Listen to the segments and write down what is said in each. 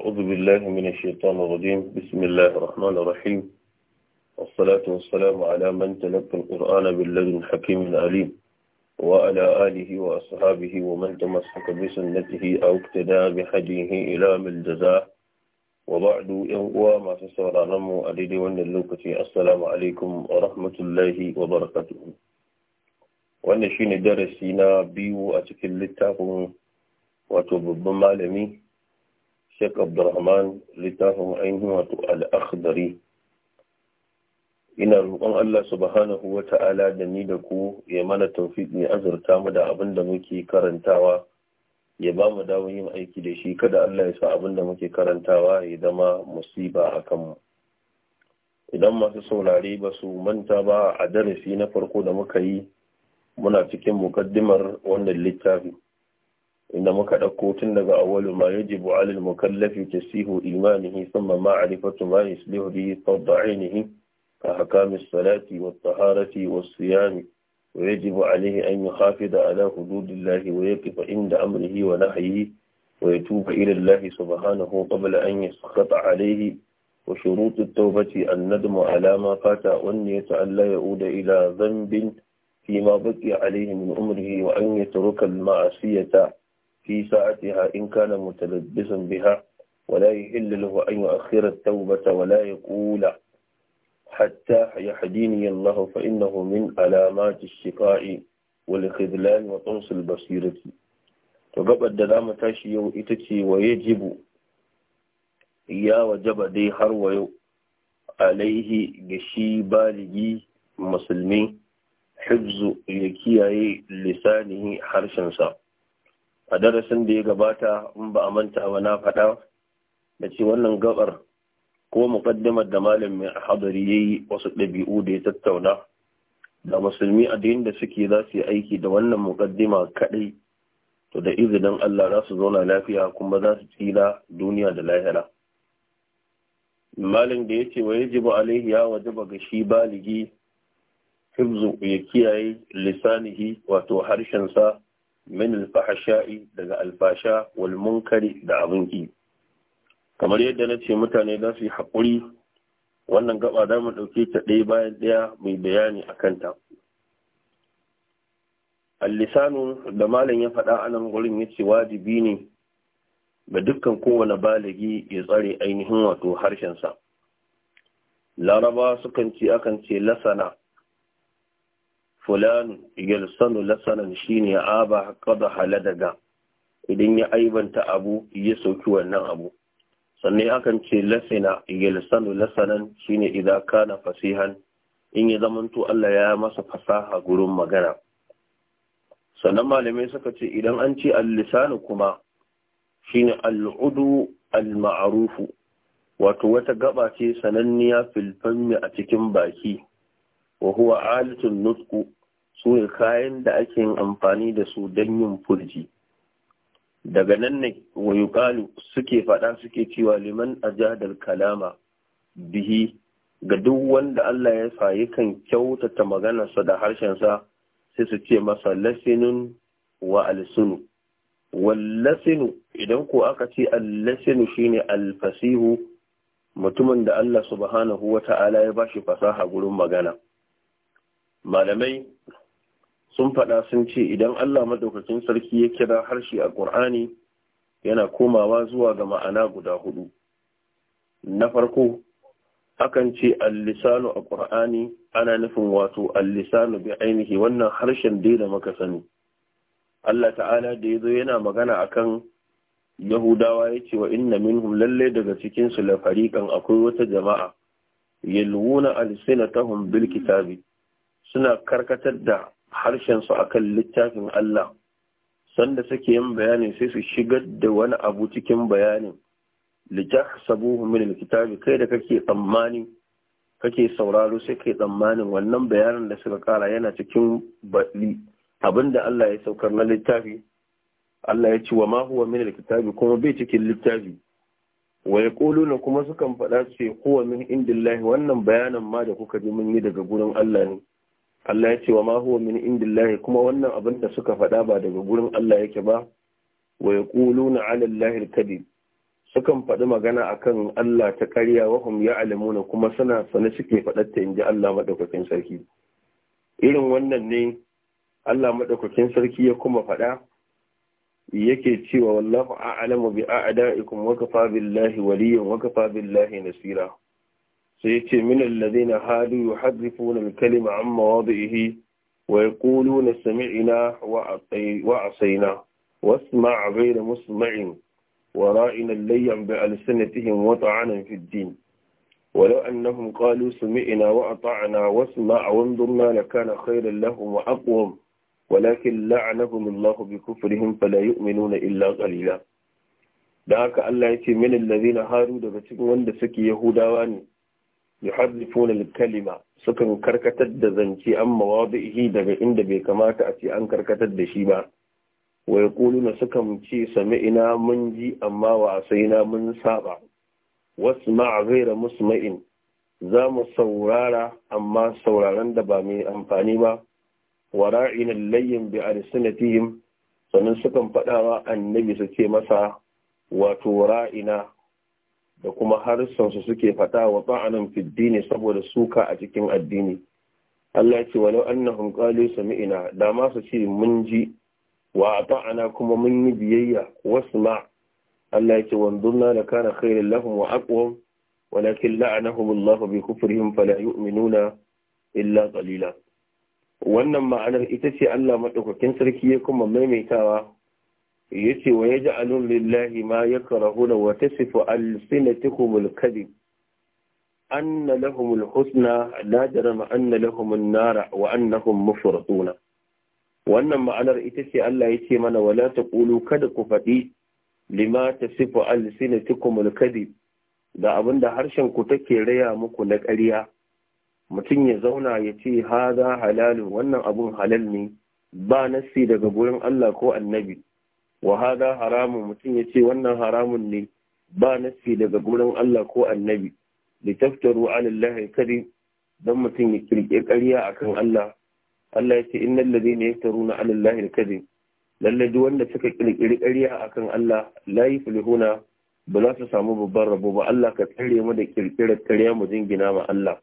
أعوذ بالله من الشيطان الرجيم بسم الله الرحمن الرحيم والصلاة والسلام على من تلقى القرآن باللدن حكيم عليم وعلى آله وأصحابه ومن تمسك بسنته أو اقتدى بحجيه إلى من الجزاء وبعد ينقوى ما تسور نمو أليل وأن اللوكة السلام عليكم ورحمة الله وبركاته وأن شين درسينا بيو أتكلتاكم وتبب مالمي Sheikh Abdurrahman littafin ainihin wato al'akhdari. Ina roƙon Allah subhanahu wa ta'ala da ni da ku ya mana taufiq azurta mu da abin da muke karantawa, ya ba mu dawo yin aiki da shi kada Allah ya sa abin da muke karantawa ya zama musiba a kanmu. Idan masu saurare ba su manta ba a darasi na farko da muka yi muna cikin mukaddimar wannan littafi. عندما كان قوتنا أول ما يجب على المكلف تسيه إيمانه ثم معرفة ما يسليه به طرد عينه كأحكام الصلاة والطهارة والصيام ويجب عليه أن يحافظ على حدود الله ويقف عند أمره ونحيه ويتوب إلى الله سبحانه قبل أن يسخط عليه وشروط التوبة الندم على ما فات والنية أن لا يعود إلى ذنب فيما بقي عليه من أمره وأن يترك المعصية في ساعتها إن كان متلبسا بها ولا يهل له أن يؤخر التوبة ولا يقول حتى يحديني الله فإنه من علامات الشقاء والخذلان وطمس البصيرة وقبل دلامة تشي وإتتي ويجب يا وجب دي har عليه alaihi ga مسلمي حفظ musulmi لسانه حرشا kiyaye a darasin da ya gabata in ba a manta ba na faɗa da ce wannan gabar ko muƙaddimar da malam mai hadari ya yi wasu ɗabi'u da ya tattauna da musulmi a da suke za su yi aiki da wannan muƙaddima kaɗai to da izinin Allah za su zauna lafiya kuma za su tsira duniya da lahira malam da ya ce wa ba alaihi ya ba ga shi baligi hibzu ya kiyaye lisanihi wato harshensa min alfahasha'i daga alfasha wal munkari da abin ki kamar yadda na ce mutane za su yi haƙuri wannan gaba da mu ɗauke ta ɗaya bayan ɗaya mai bayani a kanta Al-lisanu da malam ya faɗa a nan gurin ya ce wajibi ne ga dukkan kowane baligi ya tsare ainihin wato harshensa laraba sukan ce akan ce lasana fulanu yalsanu lasanan shine aba qada haladaga idan ya aibanta abu ya sauki wannan abu sannan akan ce lasina yalsanu lasanan shine idan kana fasihan in ya zamanto Allah ya masa fasaha gurin magana sannan malamai suka ce idan an ce al-lisanu kuma shine al-udu al-ma'rufu wato wata gaba ce sananniya fil a cikin baki wa huwa alatun nutku su ne kayan da ake yin amfani da su don yin furji daga nan ne wayu kalu suke faɗa suke cewa liman ajadal kalama bihi ga duk wanda Allah ya sa yakan kyautata maganarsa da harshensa sai su ce masa lasinun wa alsunu wallasinu idan ko aka ce allasinu shine alfasihu mutumin da Allah subhanahu wa ta'ala ya bashi fasaha gurin magana malamai sun faɗa sun ce idan Allah maɗaukakin sarki ya kira harshe a ƙur'ani yana komawa zuwa ga ma'ana guda hudu. Na farko, akan ce allisanu a ƙur'ani ana nufin wato allisanu bi ainihi wannan harshen dai da muka sani. Allah ta'ala da ya zo yana magana akan Yahudawa ya ce wa inna minhum lalle daga cikinsu la akwai wata jama'a yalwuna alsinatahum bil kitabi suna karkatar da Harshen harshensu kan littafin Allah sanda suke yin bayani sai su shigar da wani abu cikin bayanin litahsabuhu min alkitabi kai da kake tsammani kake sauraro sai kai tsammanin wannan bayanin da suka kara yana cikin baɗi abinda Allah ya saukar na littafi Allah ya ce wa ma huwa min alkitabi kuma bai cikin littafi wa yaquluna kuma sukan faɗa ce huwa min indillahi wannan bayanin ma da kuka ji mun yi daga gurin Allah ne Allah ya ce wa ma huwa min indillahi kuma wannan abin da suka faɗa ba daga gurin Allah yake ba wa yaquluna 'ala Allahi al-kadhib sukan faɗi magana akan Allah ta ƙarya wa hum ya'lamuna kuma suna sane suke faɗata ta inji Allah madaukakin sarki irin wannan ne Allah madaukakin sarki ya kuma faɗa yake cewa wallahu a'lamu bi a'da'ikum wa kafa billahi waliyyan wa kafa billahi nasira سيتي من الذين هادوا يحذفون الكلمة عن مواضعه ويقولون سمعنا وعصينا واسمع غير مسمع ورائنا الليا بألسنتهم وطعنا في الدين ولو أنهم قالوا سمعنا وأطعنا واسمع وانظرنا لكان خيرا لهم وأقوم ولكن لعنهم الله بكفرهم فلا يؤمنون إلا قليلا دعك الله من الذين ce min allazina haru yuharrifuna al-kalima sukan karkatar da zance an mawadihi daga inda bai kamata a ce an karkatar da shi ba wa yaquluna sukan ce sami'ina mun ji amma wa asaina mun saba wasma' ghayra musma'in za mu saurara amma sauraron da ba mai amfani ba wara'ina layyin bi alsinatihim sannan sukan faɗawa annabi su ce masa wato ra'ina da kuma harsansu suke fata wa ta'anan fiddini saboda suka a cikin addini Allah ce walau annahum qalu sami'na da ma su ce mun ji wa ta'ana kuma mun yi biyayya wasma Allah ce wanzurna da kana khairin lahum wa aqwam walakin la'anahum Allah bi kufrihim fala yu'minuna illa qalila wannan ma'anar ita ce Allah madaukakin sarki ya kuma maimaitawa yace wa yaj'alun lillahi ma yakrahuna wa tasifu alsinatuhum alkadhib anna lahum alhusna la jarama anna lahum an-nara wa annahum mufratuna wannan ma'anar ita ce Allah yace mana wala taqulu kada ku faɗi lima tasifu alsinatukum alkadhib da abinda harshen ku take raya muku na ƙarya mutum ya zauna ya ce haza halalin wannan abun halal ne ba nassi daga gurin Allah ko annabi wa hada haramun mutum ya ce wannan haramun ne ba nasi daga gurin Allah ko annabi da taftaru alallahi kari don mutum ya kirke ƙarya akan Allah Allah ya ce innal ladina yaftaruna alallahi kari lalle duk wanda suka kirkiri ƙarya akan Allah laifi yuflihuna ba za su samu babban rabo ba Allah ka tsare mu da kirkirar ƙarya mu jingina ma Allah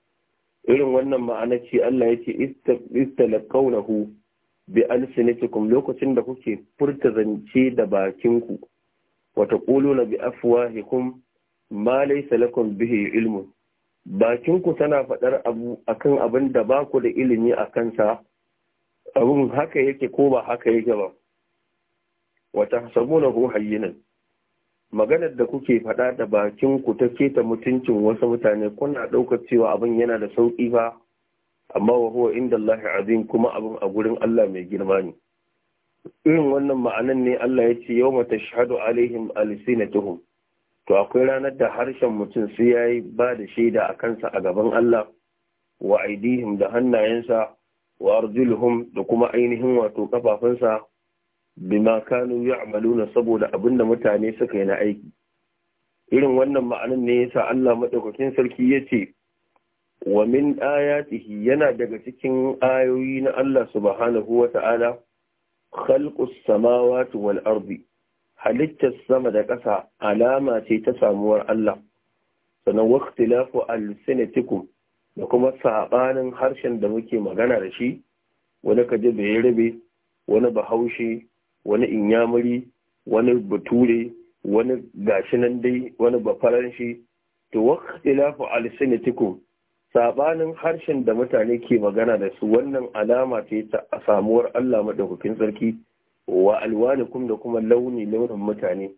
irin wannan ma'ana ce Allah ya ce bi alsinatikum lokacin da kuke furta zance da ku. wata na bi afwahikum ma laysa lakum bihi ilmun bakinku tana faɗar abu akan abin da ba ku da ilimi a kansa abun haka yake ko ba haka yake ba wata sabuna hayyinan maganar da kuke faɗa da bakin bakinku ta keta mutuncin wasu mutane kuna ɗaukar cewa abin yana da sauƙi ba amma wa huwa inda Allah azim kuma abin a gurin Allah mai girma ne irin wannan ma'anan ne Allah ya ce yau mata shahadu alaihim tuhum to akwai ranar da harshen mutum sai ya yi ba da shaida a kansa a gaban Allah wa aidihim da hannayensa wa arjuluhum da kuma ainihin wato kafafunsa bima kanu ya'maluna saboda da mutane suka yi na aiki irin wannan ma'anan ne yasa Allah madaukakin sarki ya ce. wa min ayatihi yana daga cikin ayoyi na Allah subhanahu wa ta'ala khalqus samawati wal ardi halittar sama da ƙasa alama ce ta samuwar Allah sannan waqtilafu al-sinatikum da kuma sabanin harshen da muke magana da shi wani kaje bai rabe wani bahaushe wani inyamuri wani bature wani gashinan dai wani bafaranshi to waqtilafu al-sinatikum sabanin harshen da mutane ke magana da su wannan alama ce ta a samuwar Allah madaukakin sarki wa kum da kuma launi launin mutane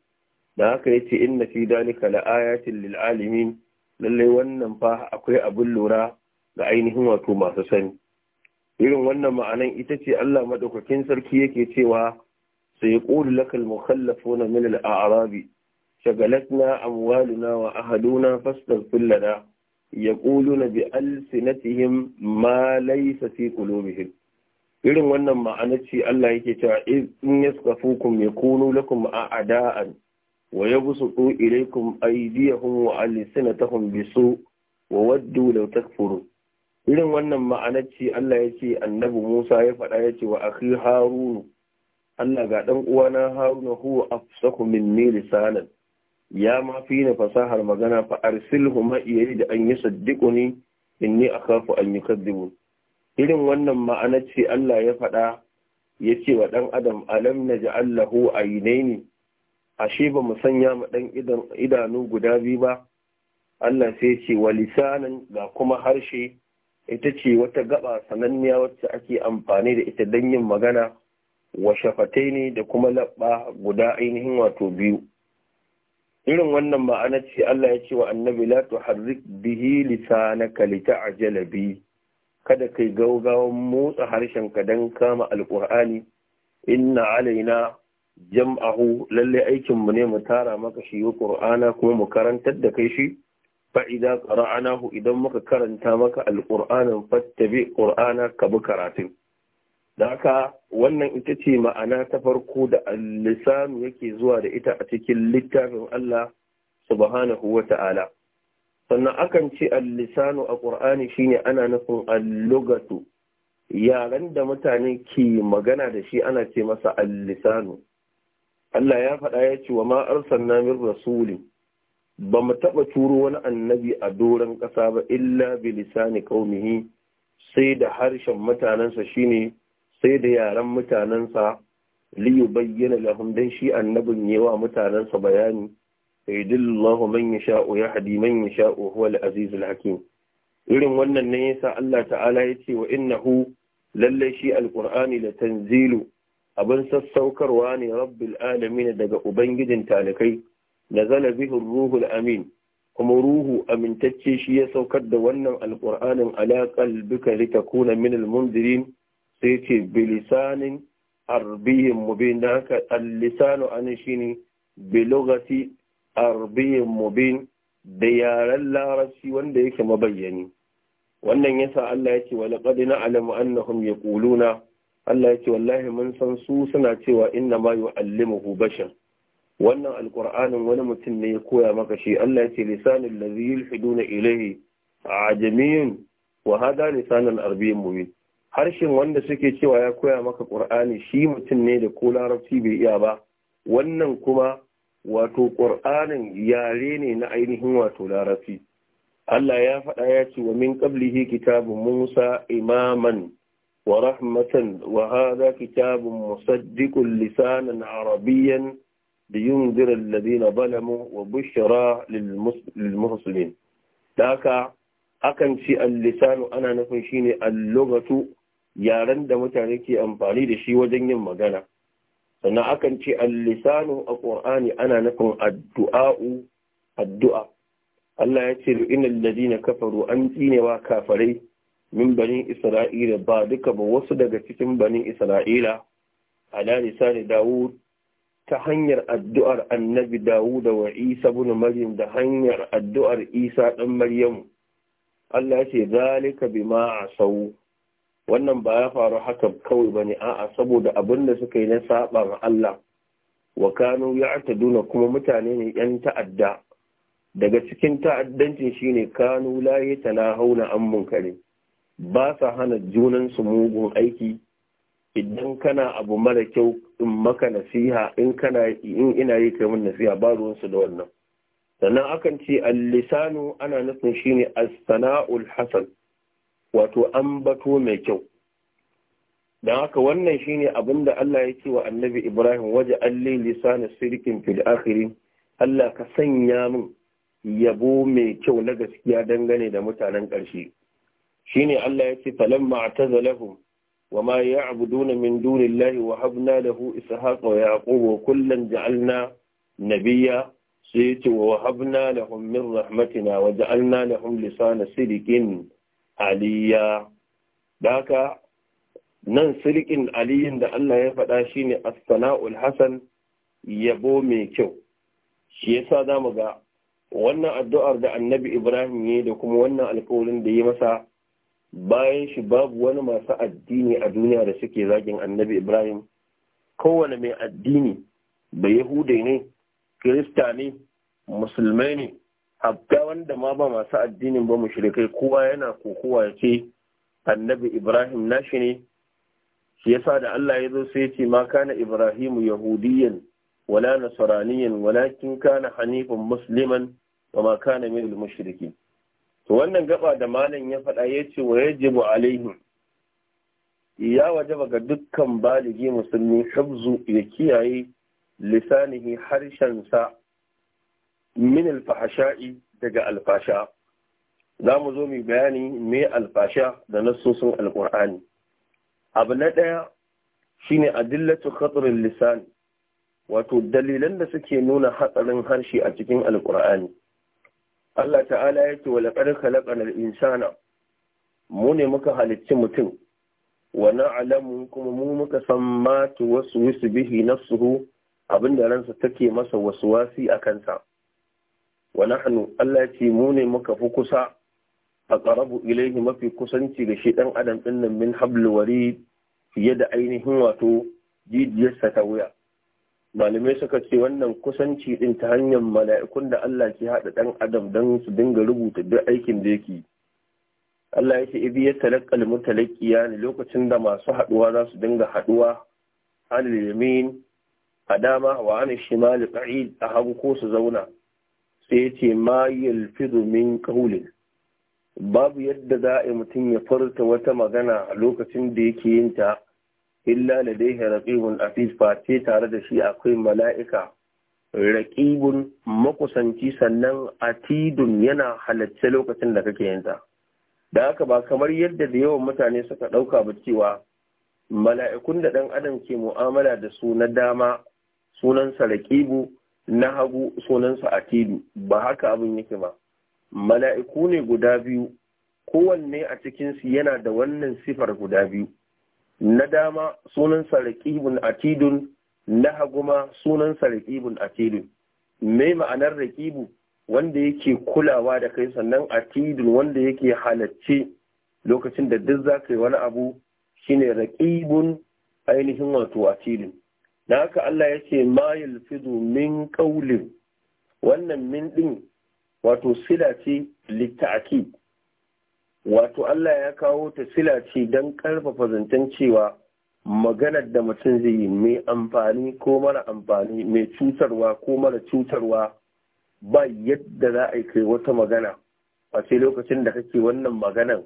da haka yace inna fi dalika laayatin lil alamin lalle wannan fa akwai abin lura ga ainihin wato masu sani irin wannan ma'anan ita ce Allah madaukakin sarki yake cewa sai yaqulu lakal mukhallafuna min al a'rabi shagalatna amwaluna wa ahaduna fastaghfir lana yaquluna bi alsinatihim ma laysa fi qulubihim irin wannan ma'ana ce Allah yake cewa in yaskafukum yakunu lakum a'da'an wa yabsutu ilaykum aydiyahum wa alsinatahum bisu wa waddu law takfuru irin wannan ma'ana ce Allah ya annabi Musa ya faɗa ya wa akhi Harunu Allah ga ɗan uwana Haruna huwa afsahu minni lisanan ya ma fi na fasahar magana fa arsilhu ma iyari da an yusaddiquni inni akhafu an yukadibu irin wannan ma'ana ce Allah ya faɗa ya ce wa ɗan adam alam na ja'allahu aynaini ashe ba mu sanya ma ɗan idanu guda biyu ba Allah sai ce wa lisanan ga kuma harshe ita ce wata gaba sananniya wacce ake amfani da ita don yin magana wa shafatai ne da kuma labba guda ainihin wato biyu irin wannan ma'ana ce Allah ya ce wa annabi la tuharrik bihi lisanaka lita'jala bi kada kai gaugawan motsa harshen ka dan kama alqur'ani inna alaina jam'ahu lalle aikin mu ne mu tara maka shi qur'ana kuma mu karantar da kai shi fa idza qara'nahu idan muka karanta maka alqur'anan fattabi qur'ana ka bi karatun da haka wannan ita ce ma'ana ta farko da lisanu yake zuwa da ita a cikin littafin Allah subhanahu wa ta'ala sannan akan ce al a ƙur'ani shine ana nufin al-lugatu yaren da mutane ke magana da shi ana ce masa al Allah ya faɗa ya ce wa ma arsalna min rasuli ba mu taɓa turo wani annabi a doron ƙasa ba illa bi lisani qaumihi sai da harshen mutanensa shine sai da yaran mutanensa liyu bayyana lahum dan shi annabin yawa mutanensa bayani sayyidullahu man yasha wa yahdi man yasha huwa al-aziz al-hakim irin wannan ne yasa Allah ta'ala yace wa innahu lalle shi al-qur'ani la tanzilu abin sassaukarwa ne rabbil alamin daga ubangijin talikai nazala bihi ruhu al amin kuma ruhu amintacce shi ya saukar da wannan al-qur'anin ala qalbika litakuna min al-mundirin sai ce bilisanin arbiyin mubin da haka al-lisanu an shine bilugati arbiyin mubin da yaren larabci wanda yake mabayyani wannan yasa Allah ya ce wa laqad na'lamu annahum yaquluna Allah ya ce wallahi mun san su suna cewa inna ma yu'allimuhu bashar wannan alqur'anin wani mutum ne ya koya maka shi Allah ya ce lisanul ladhi yulhiduna ilayhi ajamiyun wa hada lisanul Arbiyin mubin harshen wanda suke cewa ya koya maka ƙur'ani shi mutum ne da ko larabci bai iya ba wannan kuma wato ƙur'anin yare ne na ainihin wato larabci Allah ya faɗa ya ce wa min qablihi kitabun Musa imaman wa rahmatan wa hadha kitabun musaddiqun lisanan arabiyyan liyunzira alladhina zalamu wa bushra lil muhsinin daka akan ci al-lisanu ana nufin shine al-lughatu yaren da mutane ke amfani da shi wajen yin magana sannan akan ce al-lisanu a qur'ani ana nufin addu'a'u addu'a Allah ya ce innal ladina kafaru an wa kafarai min bani isra'ila ba duka ba wasu daga cikin banin isra'ila ala lisani dawud ta hanyar addu'ar annabi dawud wa isa ibn maryam da hanyar addu'ar isa dan maryam Allah ya ce zalika bima asau wannan ba ya faru haka kawai bane a'a saboda abin da suka yi na saba Allah wa kanu ya'taduna kuma mutane ne yan ta'adda daga cikin ta'addancin shine kanu la yatanahawna an munkari ba sa hana junan su mugun aiki idan kana abu mara kyau in maka nasiha in kana in ina yi kai min nasiha ba ruwan su da wannan sannan akan ce al-lisanu ana nufin shine as-sana'ul hasan wato ambato mai kyau don haka wannan shine abin da Allah ya ce wa annabi Ibrahim waje alli lisana sirkin fil Allah ka sanya min yabo mai kyau na gaskiya dangane da mutanen ƙarshe shine Allah ya ce falamma atazalahum wa ma ya'buduna min dunillahi wa habna lahu ishaqa wa yaqub wa kullan ja'alna nabiyya sai ce wa habna lahum min rahmatina wa ja'alna lahum lisana sirkin aliyya da haka nan silikin aliyin da Allah ya faɗa shine as-sana'ul hasan yabo mai kyau shi yasa mu ga wannan addu'ar da Annabi Ibrahim ya da kuma wannan alkawarin da ya masa bayan shi babu wani masu addini a duniya da suke zagin Annabi Ibrahim kowane mai addini da yahudai ne Kirista ne musulmai ne hatta wanda ma ba masu addinin ba mushrikai kowa yana kokowa ya ce annabi ibrahim nashi ne shi yasa da Allah ya zo sai ya ce ma kana ibrahimu yahudiyan wala nasraniyan walakin kana hanifan musliman wa ma kana min al to wannan gaba da malam ya faɗa ya ce wa yajibu alaihim ya wajaba ga dukkan baligi musulmi hafzu ya kiyaye lisanihi sa min alfahasha'i daga alfasha za mu zo mai bayani me alfasha da nassosin Alƙur'ani. abu na ɗaya shine adillatu khatrin lisan wato dalilan da suke nuna hatsarin harshe a cikin Alƙur'ani. Allah ta'ala ya ce walaƙar kalaƙar insana mu ne muka halicci mutum wa na'lamu kuma mu muka san ma wasu bihi nafsuhu abinda ransa take masa wasu wasi a kansa wa nahnu Allah ce mu ne muka fi kusa aqrabu ilaihi mafi kusanci ga shi dan adam din nan min hablul warid fiye da ainihin wato jijiyarsa ta wuya malamai suka ce wannan kusanci din ta hanyar mala'ikun da Allah ke haɗa ɗan adam don su dinga rubuta duk aikin da yake Allah ya ce idhi yatalaqqal mutalaqqiya ne lokacin da masu haɗuwa za su dinga haɗuwa anil yamin a wa anil shimali qa'id a hagu ko su zauna sai ya ce ma yalfidu min kaulin babu yadda za a yi mutum ya farta wata magana a lokacin da yake yin ta illa ladaihi raqibun afid face tare da shi akwai mala'ika raqibun makusanci sannan a atidun yana halarci lokacin da kake yin ta da haka ba kamar yadda da yawan mutane suka ɗauka ba cewa mala'ikun da ɗan adam ke mu'amala da su na dama sunansa raqibu na hagu sunansa tilu ba haka abin yake ba mala'iku ne guda biyu kowanne a cikinsu yana da wannan sifar guda biyu na dama sunansa a atidun na hagu ma sunansa a atidun me ma'anar raqibu wanda yake kulawa da kai sannan atidun wanda yake halacce lokacin da duk za ka yi wani abu shine raqibun ainihin wato atidun da haka Allah ya ce ma yalfidu min ƙaulin wannan min ɗin wato sila ce wato Allah ya kawo ta sila don ƙarfafa zancen cewa maganar da mutum zai yi mai amfani ko mara amfani mai cutarwa ko mara cutarwa ba yadda za a yi kai wata magana a lokacin da kake wannan maganan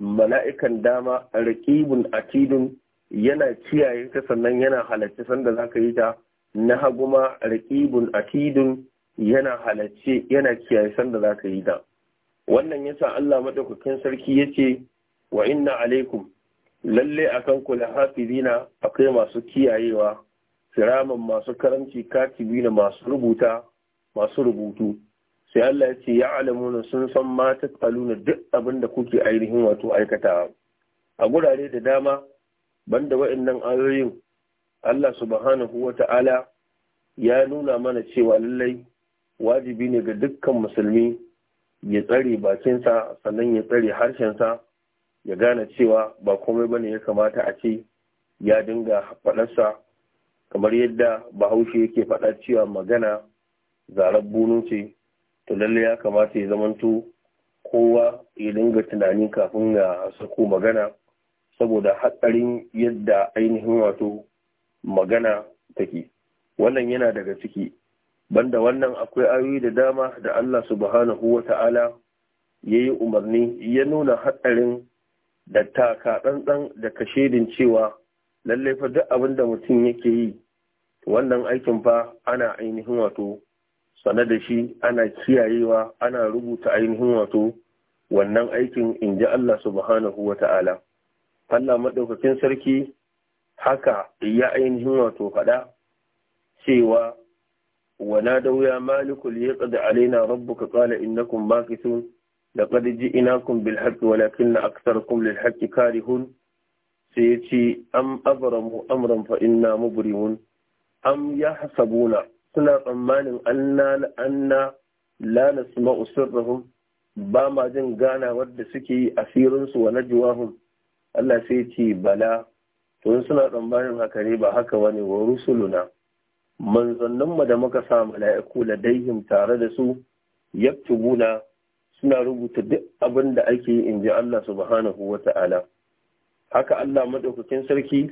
mala'ikan dama rakibun atidun yana kiyaye ta sannan yana halarci sanda za ka yi ta na hagu ma raƙibun atidun yana halarci yana kiyaye sanda za ka yi ta wannan yasa Allah madaukakin sarki yace wa inna alaikum lalle akan ku lahafizina akwai masu kiyayewa siraman masu karamci katibina masu rubuta masu rubutu sai Allah ya ce ya alamuna sun san ma aluna duk abin da kuke ainihin wato aikatawa a gurare da dama banda wa'annan ayoyin Allah subhanahu wa ta'ala ya nuna mana cewa lallai wajibi ne ga dukkan musulmi ya tsare bakinsa sannan ya tsare harshen sa ya gane cewa ba komai bane ya kamata a ce ya dinga faɗarsa kamar yadda bahaushe yake faɗa cewa magana zarar bunu ce to lallai ya kamata ya zamanto kowa ya dinga tunani kafin ya sako magana saboda hatsarin yadda ainihin wato magana take wannan yana daga ciki banda wannan akwai ayoyi da dama da Allah subhanahu wa ta'ala ya yi umarni ya nuna hatsarin da taka ɗanɗan da kashedin cewa lallai fa duk abin da mutum yake yi wannan aikin fa ana ainihin wato sane da shi ana kiyayewa ana rubuta ainihin wato wannan aikin in ji Allah subhanahu wa ta'ala Allah maɗaukakin sarki haka ya ainihin wato faɗa cewa wana da wuya malikul ya ƙada alaina rabbuka qala innakum makithun laqad ji'nakum bil haqqi walakinna aktharukum lil haqqi karihun sai ya ce am abramu amran fa inna mubrimun am hasabuna suna tsammanin anna lana la nasma'u ba ma jin gana da suke yi asirinsu wa najwahum Allah sai ce bala to suna tsammanin haka ne ba haka wani wa rusuluna manzanninmu da muka sa mala'iku ladaihim tare da su yaktubuna suna rubuta duk abin da ake yi in ji Allah subhanahu wa ta'ala haka Allah madaukakin sarki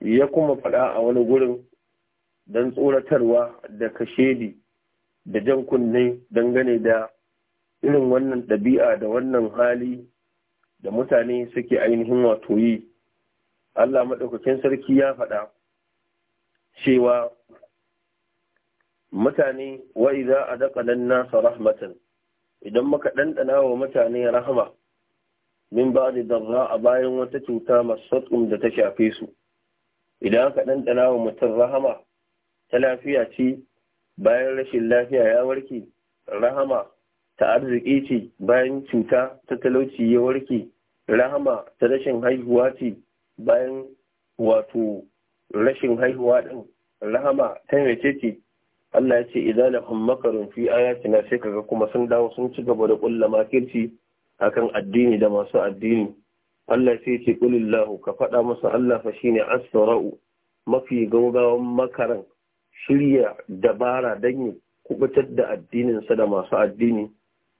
ya kuma faɗa a wani gurin don tsoratarwa da kashedi da jan kunne dangane da irin wannan ɗabi'a da wannan hali da mutane suke ainihin wato yi Allah maɗaukakin sarki ya faɗa cewa mutane wai wa a nan nasa rahmatan idan muka ɗanɗana wa mutane rahama min ba da darra a bayan wata cuta masu da ta shafe su idan aka ɗanɗana wa mutum rahama ta lafiya ce bayan rashin lafiya ya warke rahama ta arziki ce bayan cuta ta talauci ya warke rahama ta rashin haihuwa ce bayan wato rashin haihuwa ɗin rahama ta mace ce Allah ya ce idan makarantu makarun fi ayatina sai kaga kuma sun dawo sun ci gaba da kulla makirci akan addini da masu addini Allah sai ce kulillahu ka faɗa masa Allah fa shine asra'u mafi gaugawan makaran shirya dabara don ya kubutar da addininsa da masu addini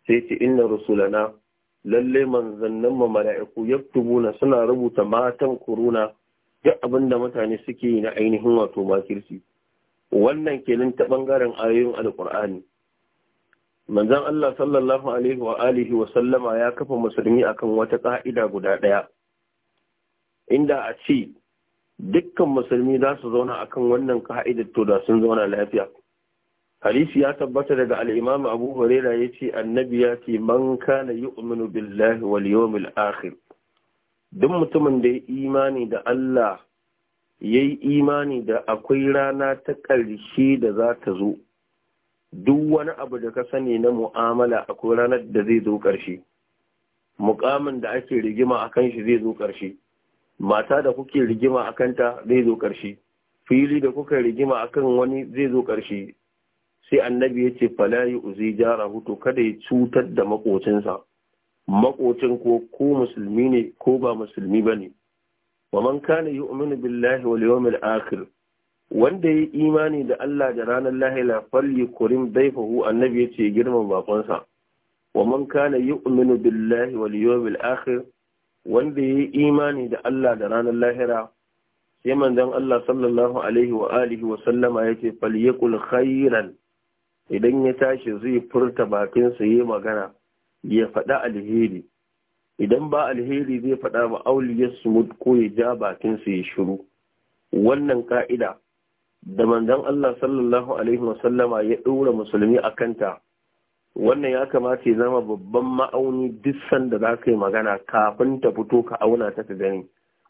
sai ce inna rusulana lalle manzannin mu mala'iku yaktubuna suna rubuta matan kuruna duk abin mutane suke yi na ainihin wato makirci wannan kenan ta bangaren ayoyin alqur'ani manzon Allah sallallahu alaihi wa alihi wa sallama ya kafa musulmi akan wata ka'ida guda daya inda a ce dukkan musulmi za su zauna akan wannan ka'idar to da sun zauna lafiya hadisi ya tabbata daga al-imam abu huraira yace annabi ya ce man kana yu'minu billahi wal yawmil akhir duk mutumin da ya imani da Allah ya yi imani da akwai rana ta ƙarshe da za ta zo duk wani abu da ka sani na mu'amala akwai ranar da zai zo ƙarshe mukamin da ake rigima a kan shi zai zo ƙarshe mata da kuke rigima a kanta zai zo ƙarshe fili da kuka rigima a kan wani zai zo ƙarshe sai annabi ya ce fala uzi jara hutu kada ya cutar da makocinsa makocin ko ko musulmi ne ko ba musulmi ba ne wa man kana yu'minu billahi wal yawmil akhir wanda ya imani da Allah da ranar lahila falli kurim daifahu annabi ya ce girman bakonsa wa man kana yu'minu billahi wal yawmil akhir wanda ya imani da Allah da ranar lahira sai manzon Allah sallallahu alaihi wa alihi wa sallama yake falyakul khairan idan ya tashi zai furta bakinsa yi magana ya faɗa alheri idan ba alheri zai faɗa ba auli ya ko ya ja bakinsa ya shiru wannan ka'ida da manzon Allah sallallahu alaihi wasallama ya ɗora musulmi a kanta wannan ya kamata ya zama babban ma'auni duk sanda za ka yi magana kafin ta fito ka auna ta ka gani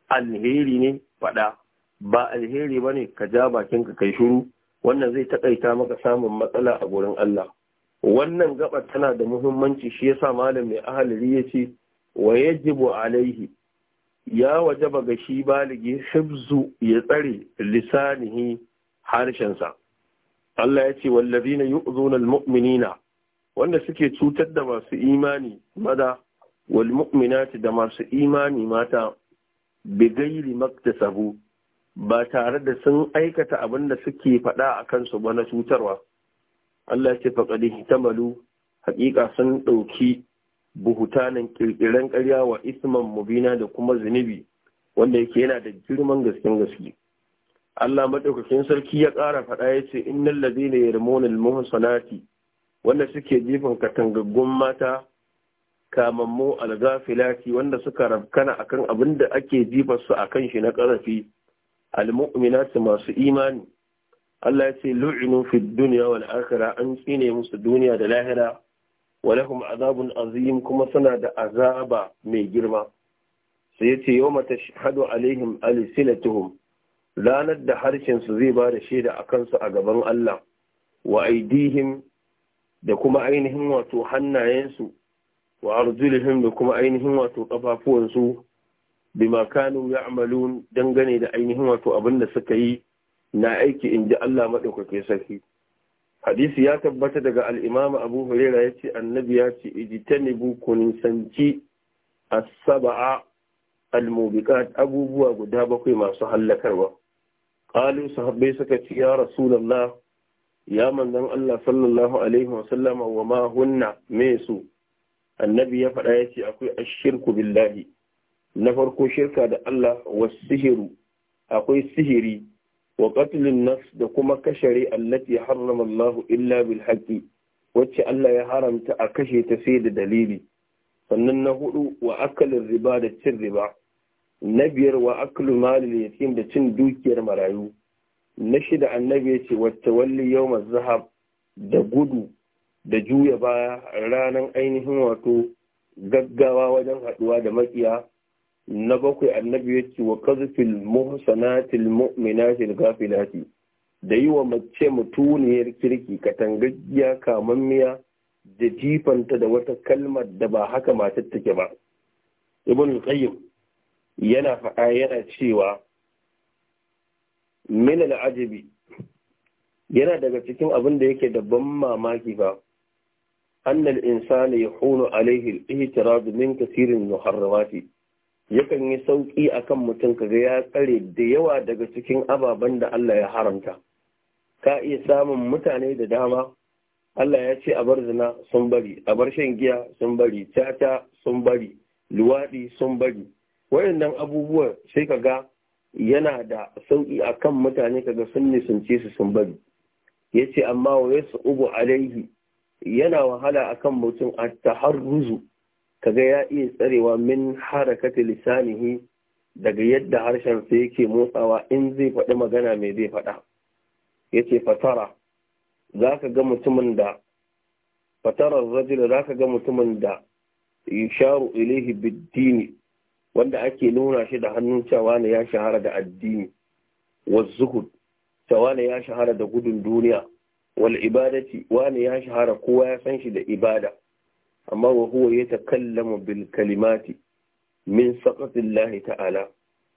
alheri ne faɗa ba alheri ba ne ka ja bakinka kai shiru wannan zai takaita maka samun matsala a gurin Allah wannan gaba tana da muhimmanci shi yasa malam mai ahaliri yace wa yajibu alaihi ya wajaba ga shi baligi Hibzu ya tsare lisanihi harshensa Allah ya ce wallazina yu'zuna almu'minina wanda suke cutar da masu imani maza wal mu'minati da masu imani mata bigairi maktasabu ba tare da sun aikata abin da suke faɗa a kansu ba na cutarwa Allah ce faƙaɗi hitamalu haƙiƙa sun ɗauki buhutanin ƙirƙiren ƙarya wa isman mubina da kuma zunubi wanda yake yana da girman gaske gaske Allah maɗaukakin sarki ya ƙara faɗa ya ce lazi ne muhun muhsanati wanda suke jifan katangaggun mata kamammu algafilati wanda suka rafkana akan abin da ake jifa su akan shi na ƙarafi almu'minatu masu imani Allah ya ce lu'inu fi dunya wal akhirah an tsine musu duniya da lahira wa lahum azabun azim kuma suna da azaba mai girma sai yace mata tashhadu alaihim alsilatuhum ranar da harshen su zai ba da shaida a kansu a gaban Allah wa aidihim da kuma ainihin wato hannayensu wa arzulihim da kuma ainihin wato kafafuwansu bima kanu ya'malun dangane da ainihin wato abin da suka yi na aiki inji Allah madaukake sarki hadisi ya tabbata daga al-Imam Abu Hurairah yace annabi ya ce ijtanibu kun sanci as-sab'a al-mubiqat abubuwa guda bakwai masu hallakarwa qalu sahabbai suka ce ya rasulullah ya manzon Allah sallallahu alaihi wa wa ma hunna me su annabi ya faɗa yace akwai ashirku billahi na farko shirka da Allah wa sihiru akwai sihiri wa qatlun nas da kuma kashare allati harrama Allah illa bil haqqi wacce Allah ya haramta a kashe ta sai da dalili sannan na hudu wa akalin riba da cin riba na biyar wa akalu malil yatim da cin dukiyar marayu na shida annabi ya ce wacce walli yawmaz zahab da gudu da juya baya ranar ainihin wato gaggawa wajen haduwa da makiya na bakwai annabi ya ce wa kazfil muhsanatil mu'minatil gafilati da yi wa mace mutuniyar kirki katangaggiya kamammiya da jifanta da wata kalmar da ba haka matar take ba ibn qayyim yana faɗa yana cewa min al'ajabi yana daga cikin abin da yake da ban mamaki ba annal insani yahunu alaihi al-ihtirab min kasirin muharramati yakan yi sauƙi a kan mutum kaga ya tsare da yawa daga cikin ababen da Allah ya haramta. Ka iya samun mutane da dama, Allah ya ce a bar zina sun bari, a bar shan giya sun bari, cata sun bari, luwaɗi sun bari. Wayannan abubuwa sai ka ga yana da sauƙi a kan mutane kaga sun nisanci su sun bari. Ya ce amma wa yasu ubu alaihi yana wahala akan mutum a taharruzu kaga ya iya tsarewa min harakati lisanihi daga yadda harshen sa yake motsawa in zai faɗi magana mai zai faɗa yace fatara zaka ga mutumin da fatarar rajula zaka ga mutumin da yusharu ilaihi biddini wanda ake nuna shi da hannun cewa ne ya shahara da addini wa zuhud cewa ne ya shahara da gudun duniya wal ibadati wani ya shahara kowa ya san shi da ibada amma wa huwa ya takallamu bil kalimati min saqatillahi ta'ala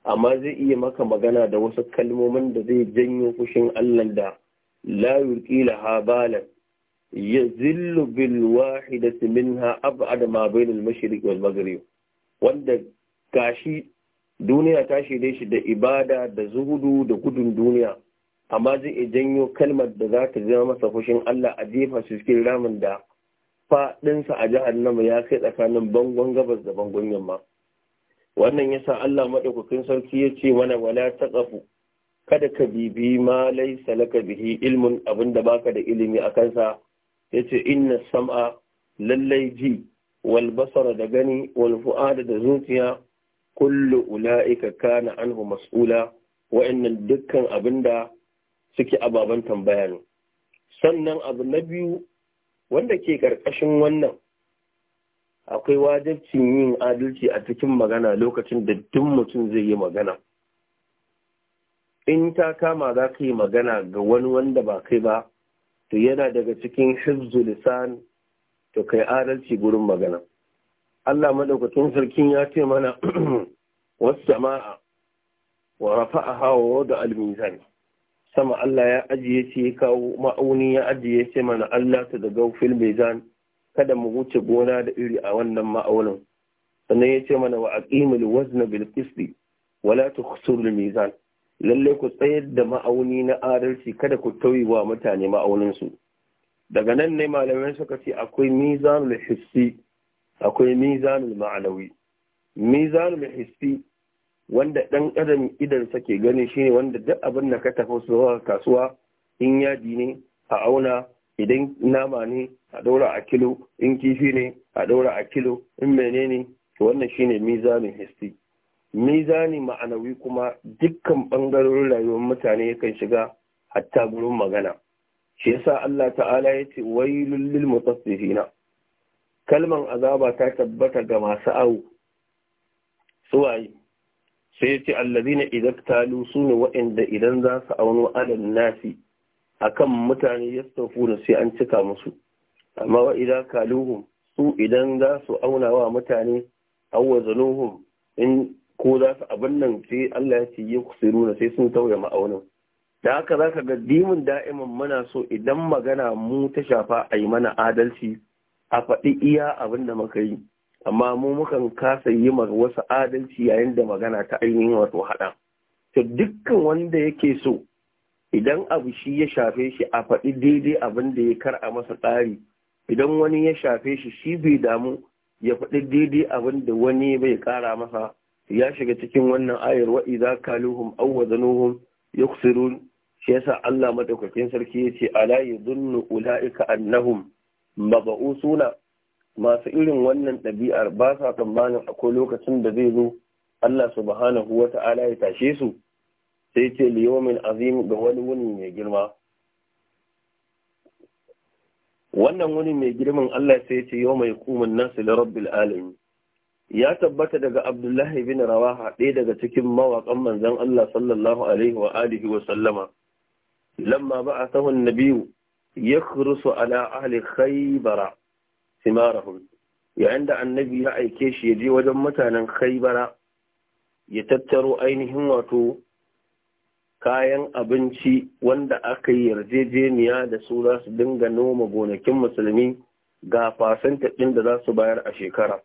amma zai iya maka magana da wasu kalmomin da zai janyo fushin Allah da la yurqila habalan yazillu bil wahidati minha ab'ad ma bainal mashriq wal maghrib wanda gashi duniya ta shirye shi da ibada da zuhudu da gudun duniya amma zai iya janyo kalmar da za ta zama masa fushin Allah a jefa su cikin ramin da faɗinsa a jihar jahannama ya kai tsakanin bangon gabas da bangon yamma wannan ya sa Allah maɗaukakin sarki ya ce mana wala taqafu kada ka bibi ma laisa laka bihi ilmun da baka da ilimi a kansa ya yace inna sam'a lallai ji wal basara da gani wal fu'ada da zuciya kullu ula'ika kana anhu mas'ula wa'annan dukkan abinda suke ababen tambaya ne sannan abu na biyu wanda ke ƙarƙashin wannan akwai wajabcin yin adalci a cikin magana lokacin da duk mutum zai yi magana in ta kama za ka yi magana ga wani wanda ba kai ba to yana daga cikin hizzu lisan to kai adalci gurin magana Allah madaukakin sarkin ya ce mana wasu jama'a wa rafa'a hawa da almizani sama Allah ya ajiye shi ya kawo ma'auni ya ajiye shi mana Allah ta daga fil mizan kada mu wuce gona da iri a wannan ma'aunin sannan ya ce mana wa aqimul wazna bil qisti wa la al mizan lalle ku tsayar da ma'auni na adalci kada ku tauye wa mutane ma'aunin su daga nan ne malamai suka ce akwai mizanul hissi akwai mizanul ma'anawi mizanul hissi wanda ɗan adam idan sake gani ne wanda duk abin da ka tafi zuwa kasuwa in yaji ne a auna idan nama ne a ɗaura a kilo in kifi ne a ɗaura a kilo in menene to wannan shi ne mizanin histi mizani ma'anawi kuma dukkan ɓangarorin rayuwar mutane yakan shiga hatta gurin magana shi yasa Allah ta'ala ya ce wailul lil mutaffifina kalman azaba ta tabbata ga masu Su suwaye sai ya ce allazina idaktalu su ne waɗanda idan za su auno alan nasi akan mutane ya da sai an cika musu amma wa idan kaluhum su idan za su auna wa mutane awwazanuhum in ko za su abin nan sai Allah ya ce kusiruna, sai sun tauye ma'aunin da haka za ka ga dimin da'iman muna so idan magana mu ta shafa a yi mana adalci a faɗi iya abin da muka yi amma mu mukan kasa yi wasu adalci yayin da magana ta ainihin wato haɗa to dukkan wanda yake so idan abu shi ya shafe shi a faɗi daidai abin da ya kar a masa tsari idan wani ya shafe shi shi bai damu ya faɗi daidai abin da wani bai ƙara masa ya shiga cikin wannan ayar wa za kaluhum aw wazanuhum shi yasa Allah madaukakin sarki yace ala yadhunnu ulaika annahum mab'usuna masu irin wannan ɗabi'ar ba sa tsammanin akwai lokacin da zai zo Allah subhanahu wa ta'ala ya tashe su sai ce liyomin azim ga wani wuni mai girma wannan wuni mai girman Allah sai ce yau mai kumin nasu da rabbil alami. ya tabbata daga abdullahi bin rawaha ɗaya daga cikin mawaƙan manzan Allah sallallahu alaihi wa alihi wa sallama lamma ba'athahu an-nabiyyu yakhrusu ala ahli khaybara simarahum yayin da annabi ya aike shi ya je wajen mutanen khaibara ya tattaro ainihin wato kayan abinci wanda aka yi yarjejeniya da su za su dinga noma gonakin musulmi ga fasanta ɗin da za su bayar a shekara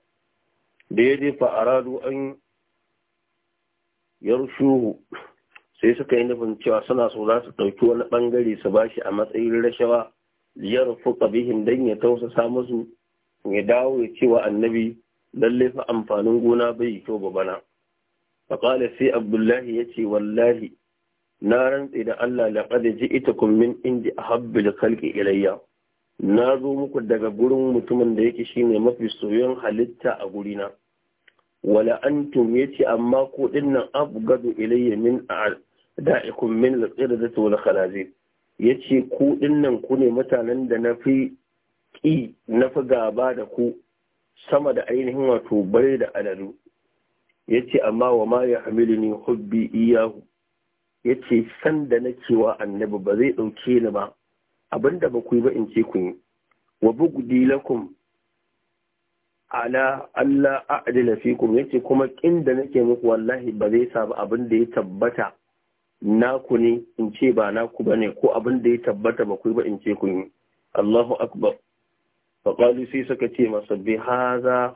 da ya je fa'aradu an yarshuhu sai suka yi nufin cewa suna so za su ɗauki wani ɓangare su ba shi a matsayin rashawa ziyarar fuka bihin don ya tausasa musu ya dawo ya ce wa annabi lalle fa amfanin gona bai yi kyau ba bana faqala sai abdullahi ya ce wallahi na rantse da Allah da ji ita kun min indi da kalki ilayya na zo muku daga gurin mutumin da yake ne mafi soyon halitta a gurina wala antum yace amma ko dinnan gado ilayya min a da'ikum min al-qirdati wal Ya ce ku nan ku ne mutanen da na fi i na fi gaba da ku sama da ainihin wato bare da aladu ya ce amma wa ma ya hamilu ne hobbi iyahu ya ce san da na cewa annabi ba zai ɗauke ni ba abinda ba ku yi ba in ce ku yi wa bugdi lakum ala Allah a'dila fikum ce kuma kin da nake muku wallahi ba zai sa abin ya tabbata naku ne in ce ba naku bane ko abin ya tabbata ba ku ba in ce ku yi Allahu akbar faƙalu sai suka ce masa bi haza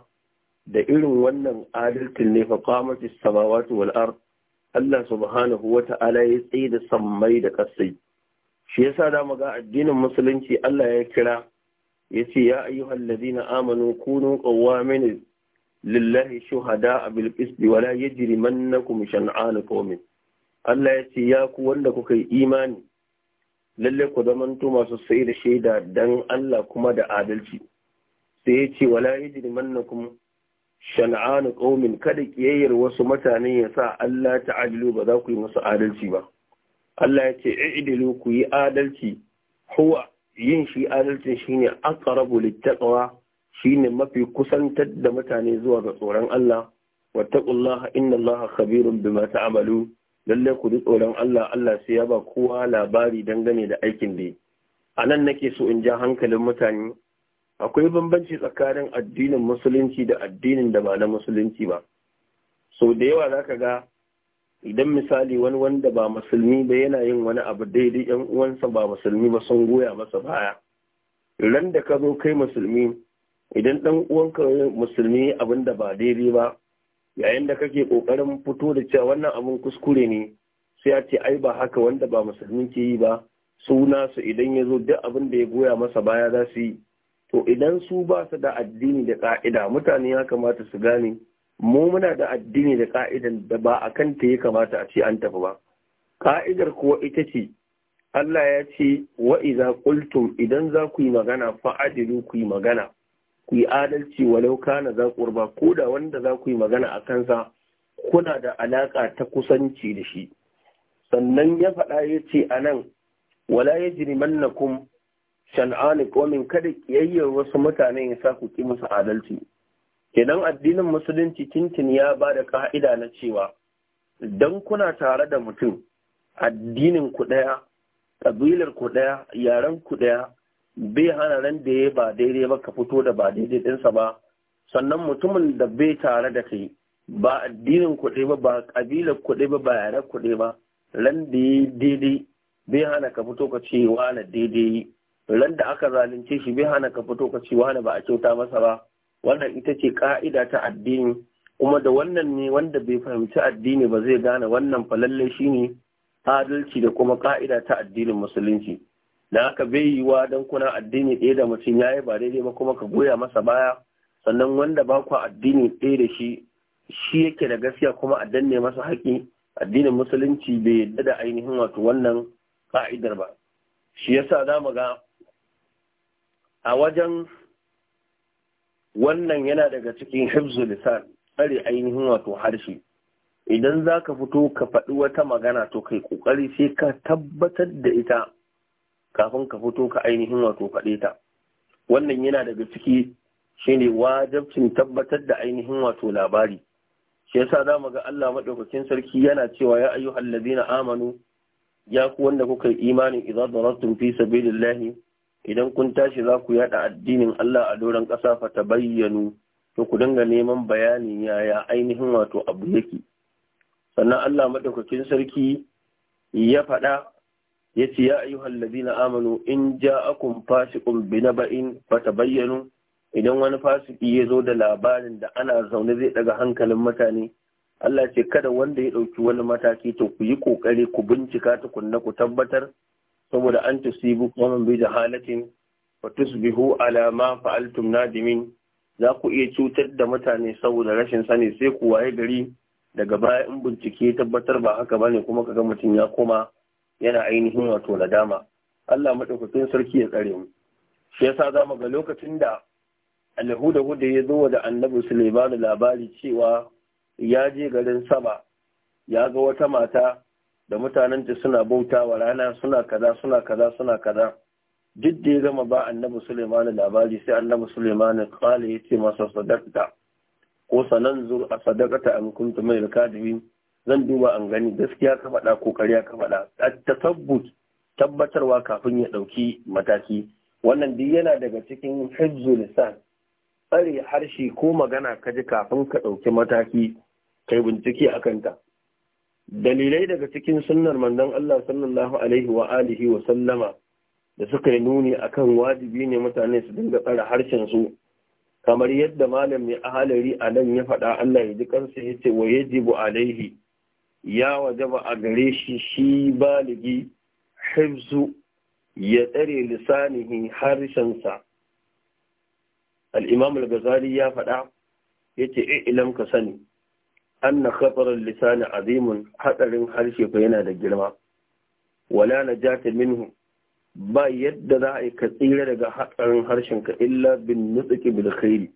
da irin wannan adalcin ne faƙamati samawati wal ard Allah subhanahu wa ta'ala ya tsaye da sammai da ƙasai shi yasa da ga addinin musulunci Allah ya kira ya ce ya ayyuhal ladina amanu kunu qawwamin lillahi shuhada bil qisti wala la yajrimannakum shan'an qawmin Allah ya ce ya ku wanda kuka yi imani lalle ku zamanto masu sai da shaida dan Allah kuma da adalci sai ya ce wala yajrimannakum shan'anu qaumin kada kiyayyar wasu mutane ya sa Allah ta'adilu ba za ku yi musu adalci ba Allah ya ce i'dilu ku yi adalci huwa yin shi adalcin shine aqrabu littaqwa shine mafi kusantar da mutane zuwa ga tsoron Allah wattaqullaha innallaha khabirun bima ta'malun lallai ku ji tsoron Allah Allah sai ya ba kowa labari dangane da aikin da a nan nake so in ja hankalin mutane akwai bambanci tsakanin addinin musulunci da addinin da ba na musulunci ba so da yawa zaka ga idan misali wani wanda ba musulmi ba yana yin wani abu daidai yan uwansa ba musulmi ba sun goya masa baya ran da ka zo kai musulmi idan dan uwanka musulmi abin da ba daidai ba yayin da kake kokarin fito da cewa wannan abun kuskure ne sai a ce ai ba haka wanda ba musulmi ke yi ba suna su idan ya zo duk abin da ya goya masa baya za su yi to idan su ba su da addini da ka'ida mutane ya kamata su gane mu muna da addini da ka'idan da ba a kanta ya kamata a ce an tafi ba ka'idar kuwa ita ce Allah ya ce waiza iza idan za ku yi magana fa'adilu ku yi magana ku yi adalci walau kana za ku ba ko da wanda za ku yi magana a kansa kuna da alaƙa ta kusanci da shi sannan ya faɗa ya ce a nan wala ya na mannakum shan'ani komin kada kiyayyar wasu mutane ya sa ku ki musu adalci Idan addinin musulunci tintin ya ba da ka'ida na cewa don kuna tare da mutum addinin ku ɗaya ƙabilar ku ɗaya yaren ku ɗaya bai hana nan da ya ba daidai ba ka fito da ba daidai ɗinsa ba sannan mutumin da bai tare da kai ba addinin kuɗi ba ba ƙabilar kuɗi ba ba kuɗi ba ran da ya daidai bai hana ka fito ka ce wane daidai ran da aka zalunce shi bai hana ka fito ka ce wane ba a kyauta masa ba wannan ita ce ka'ida ta addini kuma da wannan ne wanda bai fahimci addini ba zai gane wannan falalle shi ne adalci da kuma ka'ida ta addinin musulunci na ka bai yiwa don kuna addini ɗaya da mutum ya yi ba daidai ba kuma ka goya masa baya sannan wanda ba ku addini ɗaya da shi shi yake da gaskiya kuma a danne masa haƙi addinin musulunci bai yadda da ainihin wato wannan ka'idar ba shi yasa za mu ga a wajen wannan yana daga cikin hifzu lisan tsare ainihin wato harshe idan za ka fito ka faɗi wata magana to kai ƙoƙari sai ka tabbatar da ita kafin ka fito ka ainihin wato faɗe ta wannan yana daga ciki shine wajabcin tabbatar da ainihin wato labari shi yasa za mu ga Allah Maɗaukakin sarki yana cewa ya ayyuhal Hallazina amanu ya ku wanda kuka yi imanin idza darastum fi sabilillahi idan kun tashi za ku yada addinin Allah a doron ƙasa fa tabayyanu to ku dinga neman bayani yaya ainihin wato abu yake sannan Allah Maɗaukakin sarki ya faɗa ya ce ya ayyuhal na amanu in ja ja'akum fasiqun binaba'in fatabayyanu idan wani fasiki ya zo da labarin da ana zaune zai daga hankalin mutane Allah ce kada wanda ya ɗauki wani mataki to ku yi ƙoƙari ku bincika ta kunna ku tabbatar saboda an tusibu qawman bi jahalatin fa tusbihu ala ma fa'altum nadimin za ku iya cutar da mutane saboda rashin sani sai ku waye gari daga baya in bincike tabbatar ba haka bane kuma kaga mutum ya koma yana ainihin wato na dama. Allah madaukakin sarki ya tsare mu shi yasa mu ga lokacin da alhuda huda ya zo da annabi Sulaiman labari cewa ya je garin Saba ya ga wata mata da mutanen ta suna bautawa rana suna kaza suna kaza suna kaza duk da ya gama ba annabi Sulaiman labari sai annabi Suleiman kala ya ce masa sadakta ko sanan zur a an kuntu mai zan duba an gani gaskiya ka faɗa ko ƙarya ka faɗa A tasabbut tabbatarwa kafin ya ɗauki mataki wannan duk yana daga cikin hizzu lisan tsare harshe ko magana ka ji kafin ka ɗauki mataki kai bincike a kanta dalilai daga cikin sunnar manzon Allah sallallahu alaihi wa alihi wa sallama da suka yi nuni akan wajibi ne mutane su dinga tsare harshen su kamar yadda malam mai ahalari a nan ya faɗa Allah ya ji kansa ya ce wa yajibu alaihi ya wajaba a gare shi shi baligi hifzu ya tsare lisanihi harshensa al'imam al ya faɗa yace ce eh, ilam ka sani an na kafarar lisani azimun hatsarin harshe fa yana da girma wala na jata minhu ba yadda za a yi ka tsira daga hatsarin harshenka illa bin nutsuki bil khairi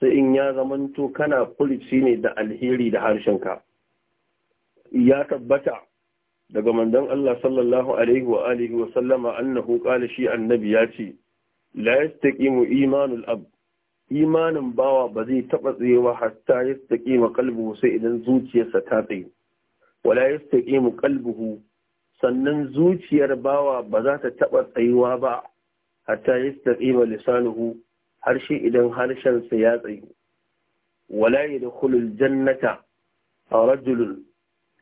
sai in ya zamanto kana fulici ne da alheri da harshenka ya tabbata daga mandan Allah sallallahu alaihi wa alihi wa sallama annahu qala shi annabi ya ce la yastaqimu imanul ab imanin bawa ba zai taba tsayewa hatta yastaqima qalbuhu sai idan zuciyarsa ta tsaye wala yastaqimu qalbuhu sannan zuciyar bawa ba za ta taba tsayuwa ba hatta yastaqima lisanuhu harshe idan harshensa ya tsayu wala yadkhulul jannata rajulun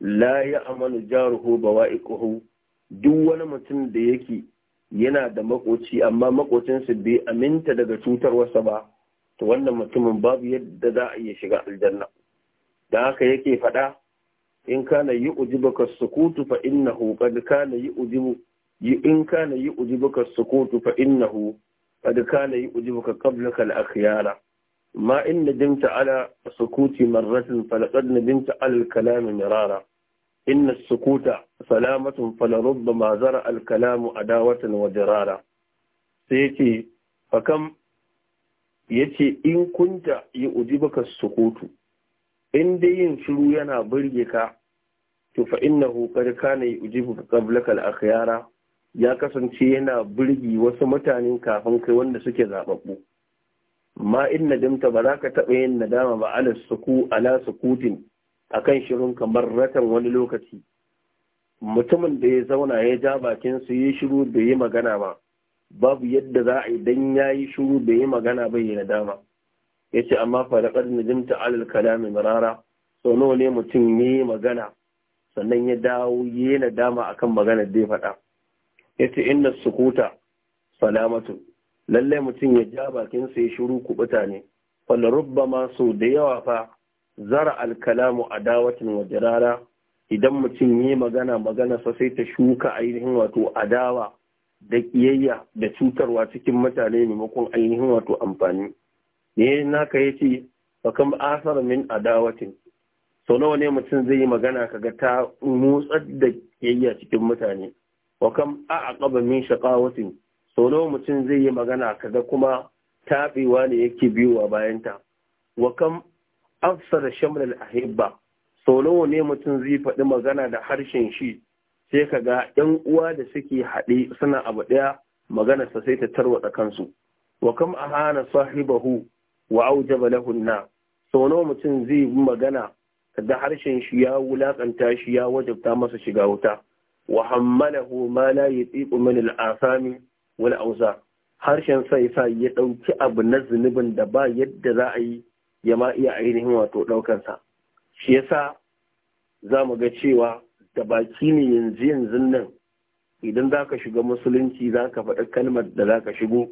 لا يأمن جاره بوائقه دون متن ديكي ينا دمقوتي أما مقوتين بي أمن تدغ توتر وسبا توانا متن باب يد دا يشغى الجنة داك يكي فدا إن كان يؤجبك السكوت فإنه قد كان يؤجب إن كان يؤجبك السكوت فإنه قد كان يؤجبك قبلك الأخيار ما إن ندمت على سكوتي مرة فلقد ندمت على الكلام مرارا inna sukuta salamatun falarubba ma zara alkalamu adawatan wa dirara sai ce fakam yace in kunta yi ujibaka sukutu in dai yin shiru yana burge ka to fa innahu qad kana yujibuka qablaka al-akhyara ya kasance yana birge wasu mutanen kafin kai wanda suke zababbu ma in nadamta ba za ka taɓa yin nadama ba ala suku ala sukutin akan shirin kamar ratan wani lokaci mutumin da ya zauna ya ja bakin su yi shiru bai yi magana ba babu yadda za a idan ya yi shiru bai yi magana bai yi nadama ya ce amma faɗaƙar najimta alal kalami marara sau nawa ne mutum ya yi magana sannan ya dawo ya yi nadama akan magana da ya faɗa ya ce inna sukuta salamatu lallai mutum ya ja bakin su ya shiru kubuta ne falarubba ma sau da yawa fa zara alkalamu a dawatin wa jirara idan mutum yi magana magana sosai ta shuka ainihin wato adawa da kiyayya da cutarwa cikin mutane maimakon ainihin wato amfani ne naka yace wakan kam asar min adawatin sau nawa ne mutum zai yi magana kaga ta motsar da kiyayya cikin mutane wa kan a akaba min shaqawatin sau nawa mutum zai yi magana kaga kuma taɓewa ne yake biyowa bayanta wa kam afsar shamlal ahibba sau nawa ne mutum zai faɗi magana da harshen shi sai ka ga ‘yan uwa da suke haɗe suna abu ɗaya maganarsa sai ta tarwatsa kansu wa kam ahana sahibahu wa aujaba lahu na sau nawa mutum zai yi magana da harshen shi ya wulakanta shi ya wajabta masa shiga wuta wa hammalahu ma la yatiqu min al-asami wal awza harshen sai sai ya dauki abu na zunubin da ba yadda za a yi ya ma iya ainihin wato ɗaukansa shi yasa za mu ga cewa da baki ne yanzu yanzu nan idan za ka shiga musulunci za ka faɗi kalmar da za ka shigo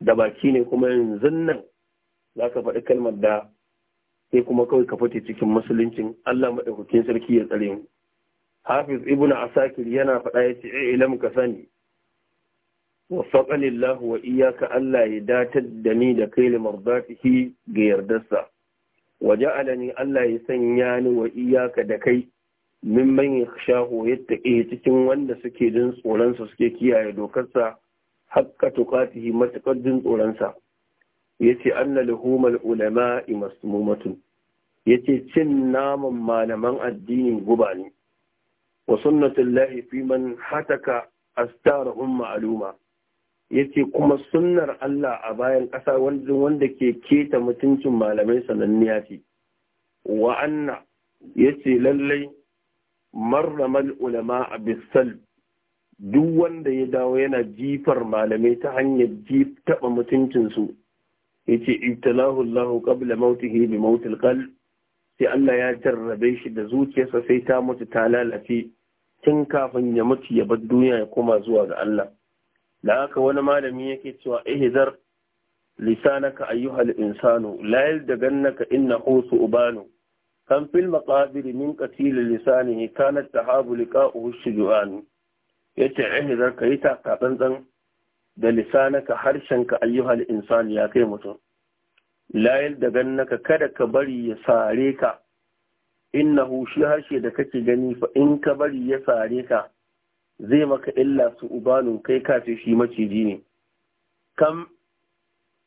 da baki ne kuma yanzu nan za ka faɗi kalmar da sai kuma kawai ka fita cikin musuluncin Allah maɗaukakin sarki ya tsare mu Hafiz Ibn Asakir yana faɗa ya ce, "Eh, ilam ka sani, Allah wa iyaka allah ya datar da ni da kai وجعلني ga yardarsa. Waje دكي Allah ya sanya ni wa iyaka da kai, shaho ya taƙe cikin wanda suke jin tsoronsa suke kiyaye dokarsa hakka tuƙatihi matuƙar jin tsoronsa ya ce anna luhumar ulama imasmumatun ya ce cin naman malaman addini guba ne wa sunnatullahi fi man hataka astara umma aluma yace kuma sunnar Allah a bayan ƙasa wanda ke keta mutuncin malamai sananniya ce wa anna yace lallai marramal ulama a bisal duk wanda ya dawo yana jifar malamai ta hanyar jif taɓa mutuncinsu yace ibtalahu Allah qabla mautihi bi mautil qalb sai Allah ya jarrabe shi da zuciyarsa sai ta mutu ta lalace tun kafin ya mutu ya bar duniya ya koma zuwa ga Allah da haka wani malami yake cewa ihzar lisanaka ayyuhal insanu la inna innahu ubanu. kan fil maqabir min qatil lisanihi kanat tahabu liqa'uhu shujuan yace ihzar kai ta tsantsan da lisanaka harshenka ayyuhal insanu ya kai mutum la gannaka kada ka bari ya sare ka innahu shi harshe da kake gani fa in ka bari ya sare ka zai maka illa su ubanun kai kafi shi maciji ne kam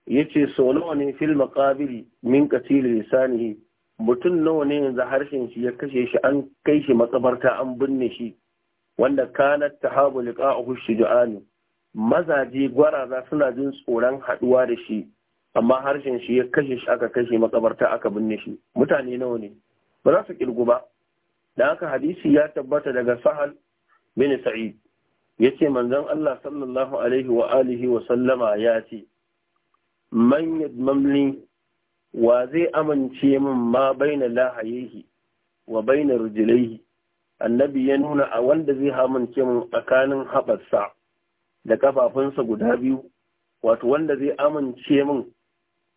ya ce sau nawa ne fil maqabili min qatil lisanihi mutum nawa ne yanzu harshen shi ya kashe shi an kai shi makabarta an binne shi wanda kanat tahabu liqa'uhu shuja'ani mazaje gwaraza suna jin tsoron haduwa da shi amma harshen shi ya kashe shi aka kashe makabarta aka binne shi mutane nawa ne ba za su kirgu ba da haka hadisi ya tabbata daga sahal bin sa'id yace manzon Allah sallallahu alaihi wa alihi wa sallama ya ce man yadmamni wa zai amince min ma baina lahayhi wa baina rijlaihi annabi ya nuna a wanda zai amince min tsakanin haɓarsa da kafafunsa guda biyu wato wanda zai amince min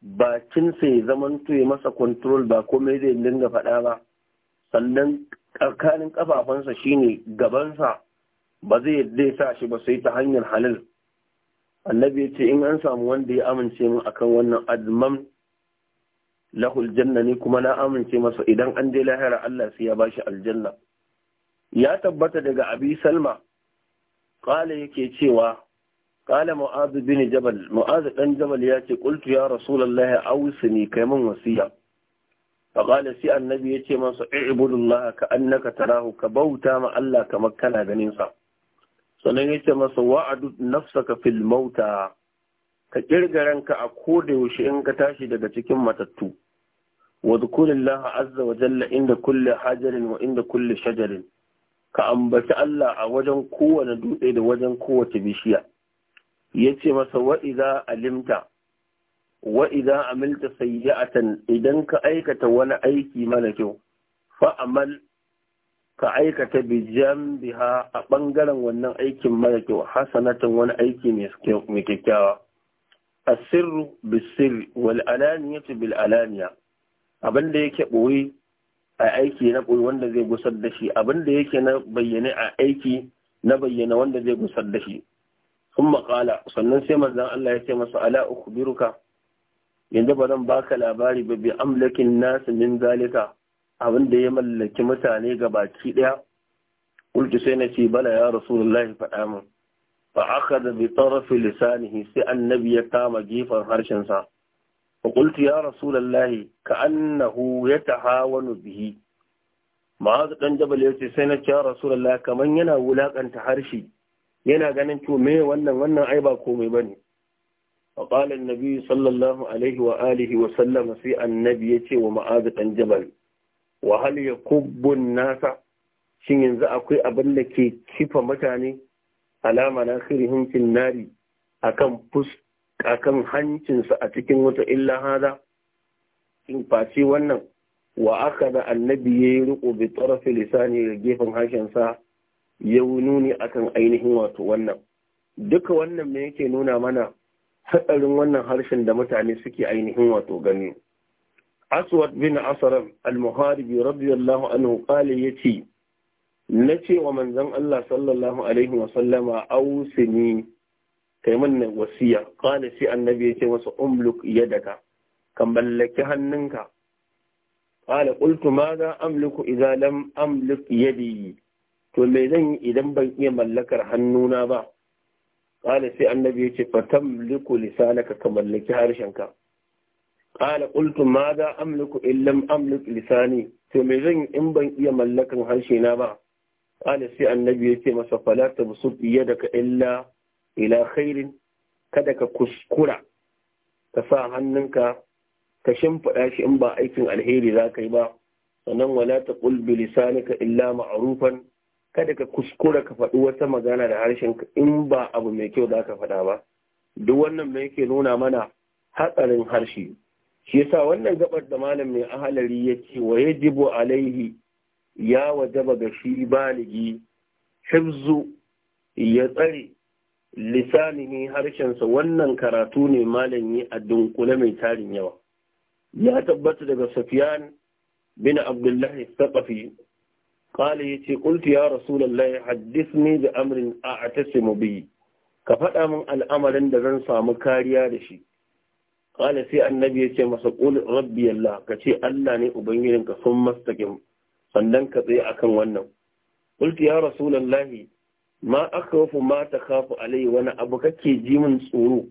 bakinsa ya zaman ya masa control ba komai zai dinga faɗa ba sannan tsakanin kafafunsa shine gabansa ba zai yadda ya sa shi ba sai ta hanyar halal annabi ya ce in an samu wanda ya amince min akan wannan adman lahul janna ne kuma na amince masa idan an je lahira Allah sai ya bashi aljanna ya tabbata daga abi salma qala yake cewa qala mu'az bin jabal mu'az dan jabal ya ce qultu ya rasulullahi awsini kai min wasiya fa sai annabi yace masa i'budullaha ka annaka rahu, ka bauta ma Allah kamar kana ganinsa. sannan ya ce masa wa'adu nafsaka fil mauta ka kirga ranka a koda yaushe in ka tashi daga cikin matattu wa dhkurillaha azza wa jalla inda kulli hajarin wa inda kulli shajarin ka ambaci Allah a wajen kowane dutse da wajen kowace bishiya yace masa wa idza alimta wa idza amilta sayyi'atan idan ka aikata wani aiki mana kyau fa amal ka aikata bijan biha a ɓangaren wannan aikin mara kyau hasanatan wani aiki mai kyakkyawa sirru bisirri wal alaniyatu bil alaniya abin da yake ɓoye a aiki na ɓoye wanda zai gusar da shi abin da yake na bayyane a aiki na bayyana wanda zai gusar da shi sun maƙala sannan sai manzan Allah ya ce masa ala uku yanzu ba zan baka labari ba bi amlakin nasu min zalika abin da ya mallaki mutane ga baki ɗaya kulki sai na ce bala ya rasulullahi faɗa min fa da bi tarafi lisanihi sai annabi ya kama gefen harshen sa fa qultu ya rasulullahi ka annahu yatahawanu bihi ma'az dan jabal yace sai na ce ya rasulullahi kaman yana wulakanta harshe yana ganin to me wannan wannan ai ba komai bane فقال النبي صلى الله عليه وآله وسلم في النبي يتي ومعاذ بن جبل wa hal nasa shin yanzu akwai abin da ke kifa mutane alama na kiri hincin nari akan fus akan hancinsa a cikin wata illa hada in face wannan wa aka da annabi ya yi riko bi tarafi lisani ga gefen sa ya nuni akan ainihin wato wannan duka wannan me yake nuna mana hatsarin wannan harshen da mutane suke ainihin wato gani aswad bin asar al-muharibi radiyallahu anhu ya yace na ce wa manzon Allah sallallahu alaihi wa sallama ausini kai min wasiya qala sai annabi yace masa umluk yadaka kan mallaki hannunka qala qultu madha amliku idza lam amlik yadi to me zan yi idan ban iya mallakar hannuna ba qala sai annabi yace fatamliku lisanaka ka mallaki harshenka ƙala qultu ma za amliku illam amlik lisani to me zan in ban iya mallakan harshe na ba Ali sai annabi ya ce masa fala tabsut yadaka illa ila khairin kada ka kuskura ka sa hannunka ka shimfiɗa shi in ba aikin alheri za ka yi ba sannan wala ta ƙulbi ka illa ma'arufan kada ka kuskura ka faɗi wata magana da harshen in ba abu mai kyau za ka faɗa ba duk wannan da yake nuna mana hatsarin harshe shi yasa wannan gabar da malam mai ahalari ya ce wa yajibu alaihi ya wajaba ga shi baligi hifzu ya tsare lisani ne harshensa wannan karatu ne malam yi a dunkule mai tarin yawa ya tabbata daga safiyan bin abdullahi saƙafi قال يتي قلت يا رسول الله حدثني بأمر أعتصم به ka faɗa min al'amarin da zan samu kariya da shi qala sai annabi ya ce masa qul rabbi allah ka ce allah ne ubangijin ka sun mastaqim sannan ka tsaye akan wannan qultu ya rasulullahi ma akhwafu ma takhafu alai wani abu kake ji min tsoro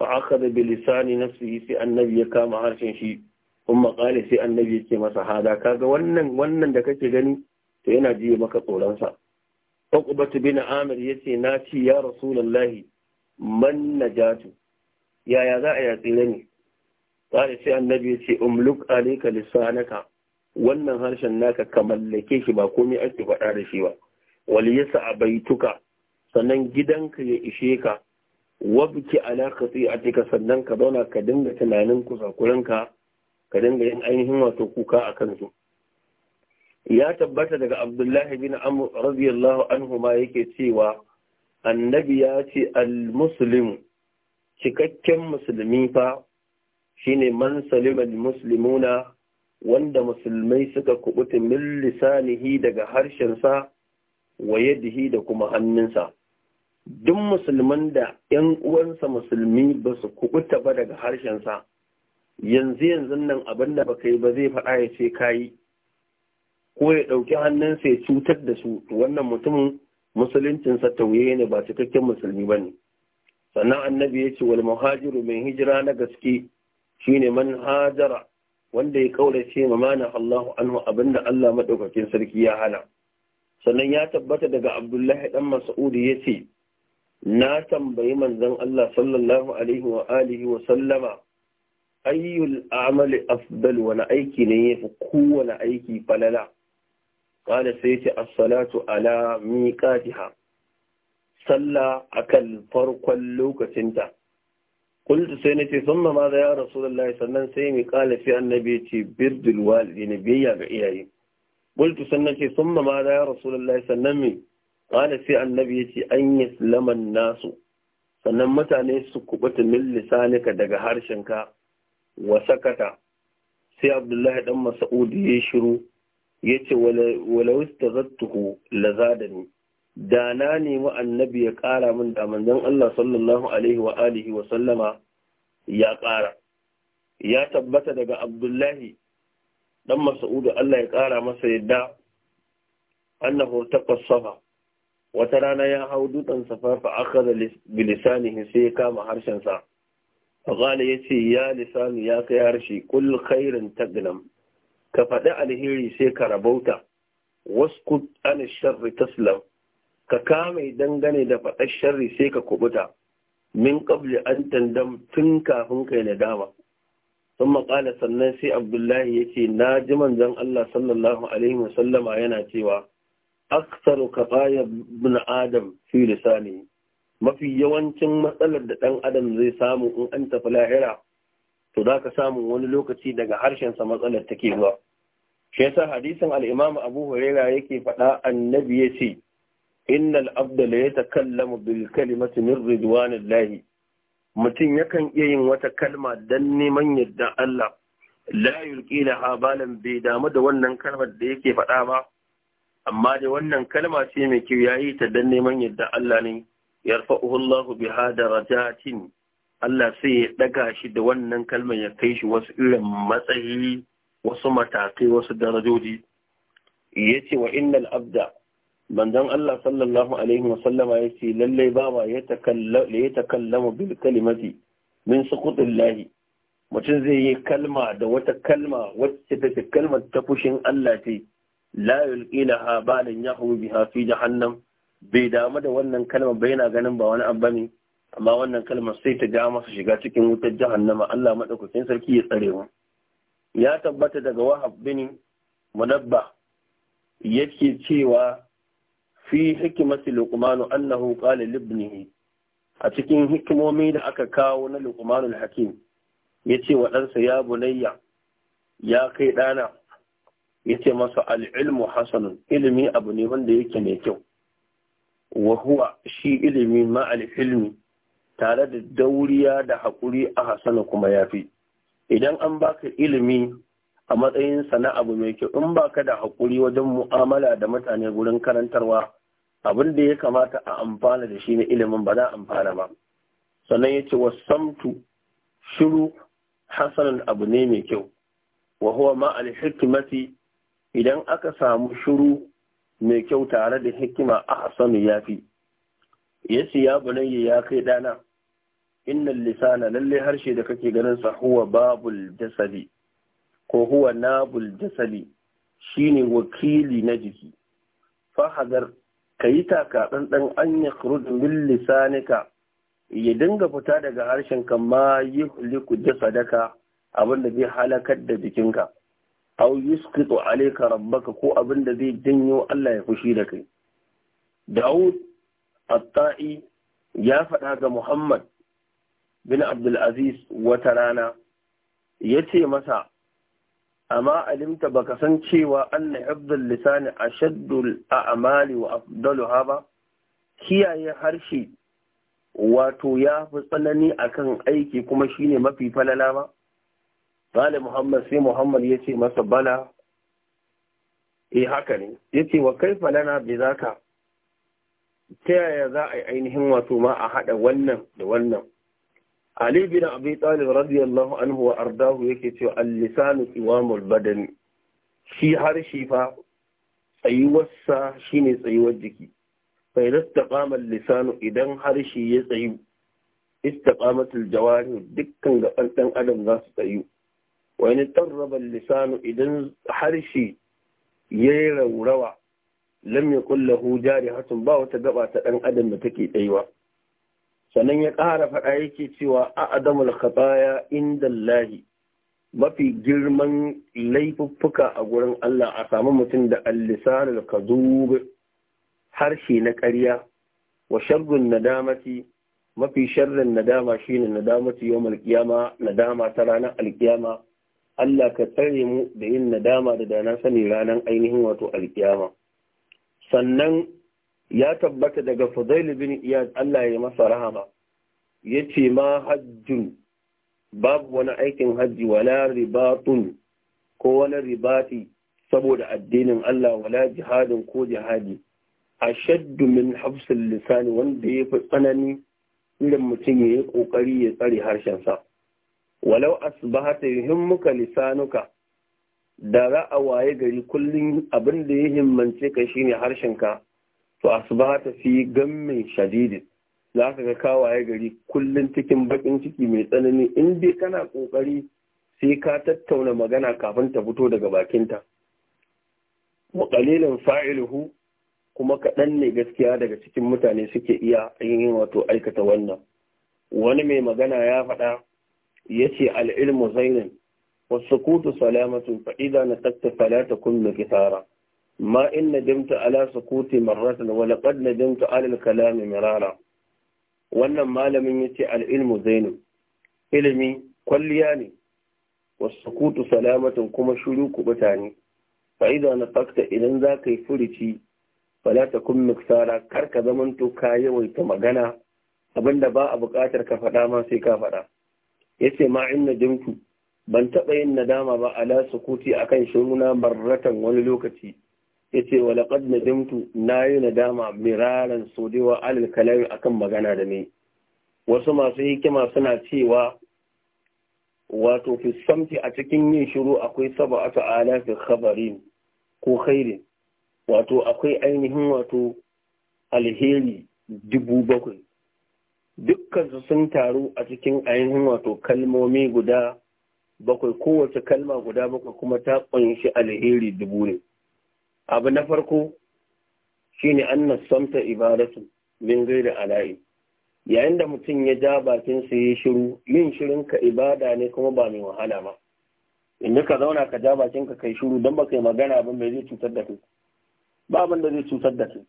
fa akhadha bi lisani nafsihi sai annabi ya kama harshen shi kuma qala sai annabi ya ce masa hada kaga wannan wannan da kake gani to yana ji maka tsoronsa." sa Uqbatu bin Amir yace na ci ya Rasulullahi man najatu yaya za a ya tsira ne ƙara sai annabi ya ce umluk alaika lisanaka wannan harshen naka ka mallake shi ba komai ake faɗa da shi ba wal yasa abaituka sannan gidanka ya ishe ka wabki a khati'atika sannan ka zauna ka dinga tunanin kusakuranka ka dinga yin ainihin wato kuka a kansu ya tabbata daga abdullahi bin amr radiyallahu anhu ma yake cewa annabi ya ce al-muslimu cikakken musulmi fa shine man salima muslimuna wanda musulmai suka kubuta min lisanihi daga harshensa wa yadihi da kuma hannunsa duk musulman da ‘yan uwansa musulmi ba su kubuta ba daga harshensa yanzu yanzu nan abin da baka yi ba zai faɗa ya ce kayi ko ya ɗauki hannunsa ya cutar da su wannan mutumin musuluncinsa tauye ne ba cikakken musulmi ba ne sannan annabi ya ce wal muhajiru hijira na gaske shine man hajara wanda ya kaurace ma mana Allahu anhu abinda Allah madaukakin sarki ya hana sannan ya tabbata daga Abdullahi dan Mas'ud ce. na tambayi manzon Allah sallallahu alaihi wa alihi wa sallama ayyul amali afdal wani aiki ne yafi kowane aiki falala qala sai yace as-salatu ala miqatiha sallah akan farkon lokacinta kultu sai nace thumma ma da ya rasulullahi sannan sai mi kala fi annabi yace birdul walidin biyayya ga iyaye kultu sai nace thumma ma da ya rasulullahi sannan mi kala fi annabi ce an yaslama nasu sannan mutane su kubuta min lisanika daga harshenka wa sakata sai abdullahi dan mas'ud ya shiru yace walau istazattuhu lazadani da na nemi annabi ya ƙara min da manzon Allah sallallahu alaihi wa alihi wa sallama ya ƙara ya tabbata daga Abdullahi dan mas'udu Allah ya ƙara masa yadda annahu taqa safa wata rana ya hau dutsen safa fa akhadha bilisanihi sai ya kama harshen sa fa yace ya lisanu ya kai harshe kul khairin taglam ka faɗi alheri sai ka rabauta waskut an sharri taslam ka kame dangane da faɗar sharri sai ka kubuta min qabli an tandam tun kafin kai nadama sun maƙala sannan sai abdullahi ya ce na ji manzon allah sallallahu alaihi wasallama yana cewa aksaru kaɓaya bin adam fi lisani mafi yawancin matsalar da ɗan adam zai samu in an tafi lahira to za ka samu wani lokaci daga harshensa matsalar take zuwa shi yasa hadisin al'imamu abu huraira yake faɗa annabi ya ce innal abda la yatakallamu bil kalimati min ridwanillahi mutum yakan iya yin wata kalma dan neman yadda Allah la yulqi bai damu da wannan kalmar da yake faɗa ba amma da wannan kalma ce mai kyau yayi ta dan neman yadda Allah ne yarfa'uhu Allahu biha darajatin Allah sai ya ɗaga shi da wannan kalmar ya kai shi wasu irin matsayi wasu matakai wasu darajoji ya ce wa innal abda banzan Allah sallallahu alaihi wasallama ya ce lallai bawa ya takallama bil kalimati min sukutullahi mutum zai yi kalma da wata kalma wacce ta kalmar ta fushin Allah ce la yulqilaha balan yahu biha fi jahannam bai damu da wannan kalmar ba yana ganin ba wani abami. amma wannan kalmar sai ta ja masa shiga cikin wutar jahannama Allah madaukakin sarki ya tsare mu ya tabbata daga Wahab bin Munabbah yake cewa fi hikimati luqmanu annahu qala libnihi a cikin hikimomi da aka kawo na luqmanul hakim yace wa ɗansa ya bunayya ya kai ɗana yace masa al'ilmu hasanun ilimi abu ne wanda yake mai kyau wa huwa shi ilimi ma al'ilmi tare da dauriya da haƙuri a hasana kuma yafi idan an baka ilimi a matsayin sana abu mai kyau in baka da haƙuri wajen mu'amala da mutane wurin karantarwa abin da ya kamata a amfana da shi na ilimin ba za amfana ba sannan ya ce wasamtu shiru hasanan abu ne mai kyau wa huwa ma al idan aka samu shiru mai kyau tare da hikima a hasanu ya fi ya ce ya bunayya ya kai dana innan lisana lalle harshe da kake ganin sa huwa babul jasadi ko huwa nabul jasadi shine wakili na jiki Fa hadar ka yi taka ɗanɗan an yi kurudu min lisanika ya dinga fita daga harshen ka ma yi liku sadaka, abin da zai halakar da jikinka aw yusqitu alayka rabbaka ko abin da zai janyo Allah ya fushi da kai Dawud at ya faɗa ga Muhammad bin Abdul Aziz wata rana Ya ce masa amma alimta baka san cewa anna Abdul lisani ashaddul a'mali wa afdaluha ba kiyaye harshe wato ya fi tsanani akan aiki kuma shine mafi falala ba Bala Muhammad sai Muhammad ya ce masa bala eh haka ne ya ce wa kai falana bai zaka ta yaya za a yi ainihin wato ma a haɗa wannan da wannan Ali bin Abi Talib radiyallahu anhu wa ardahu yake cewa al-lisanu iwamul badani. shi harshe fa tsayuwarsa shine tsayuwar jiki fa istaqama al-lisanu idan harshe ya tsayu al-jawarih dukkan gaban dan adam za su tsayu wa in tarraba al-lisanu idan harshe ya raurawa lam yakul lahu jarihatun ba wata gaba ta dan adam da take tsayuwa sannan ya ƙara faɗa yake cewa a adamul khataya inda lahi mafi girman laifuffuka a gurin Allah a samu mutum da allisanul kadub harshe na ƙarya wa sharrun nadamati mafi sharrin nadama shine nadamati yawmal kiyama nadama ta ranar alkiyama Allah ka tsare mu da yin nadama da dana sani ranar ainihin wato alkiyama sannan ya tabbata daga Fudail bin Iyad Allah ya masa rahama yace ma hajjun babu wani aikin hajji wala ribatun ko wani ribati saboda addinin Allah wala jihadin ko jihadi A min hafsul lisani wanda ya fi tsanani irin mutum ya yi kokari ya tsare harshensa walau asbahata yuhimmuka lisanuka da ra'a waye gari kullum abin da ya himmance ka shine harshenka wa asbahata fi gammin shadidin za ka ga kawaye gari kullum cikin bakin ciki mai tsanani in dai kana kokari sai ka tattauna magana kafin ta fito daga bakinta wa kalilin fa'iluhu kuma kaɗan ne gaskiya daga cikin mutane suke iya yin wato aikata wannan wani mai magana ya faɗa ya ce al'ilmu zainin wasu kutu salamatun fa'ida na tattafa la ta kun kisara ما ala ندمت على سكوتي مرة ولقد ندمت على الكلام مرارا wannan malamin ya ce al'ilmu zainu ilimi kwalliya ne wasu kutu salamatan kuma shuru ku ne fa'iza na fakta idan za ka yi furici fala ta kun miksara kar ka zamanto ka yawaita magana abinda ba a buƙatar ka faɗa ma sai ka faɗa ya ce ma in nadimtu ban taɓa yin nadama ba ala sukuti akan shiruna barratan wani lokaci ce wa na yi nayi nadama miraran sodewa alal kalami akan magana da ni wasu masu hikima suna cewa wato fi samti a cikin yin shiru akwai a ta'ala alafi khabari ko khairin wato akwai ainihin wato alheri dubu bakwai dukkansu sun taru a cikin ainihin wato kalmomi guda bakwai kowace kalma guda bakwai kuma ta ƙunshi alheri dubu ne abu na farko shi ne annas samta ibadatu min zai ala'i yayin da mutum ya ja bakin sa yi shiru yin shirin ka ibada ne kuma ba mai wahala ba inda ka zauna ka ja bakin ka kai shiru don baka yi magana ba mai zai cutar da kai ba abin da zai cutar da kai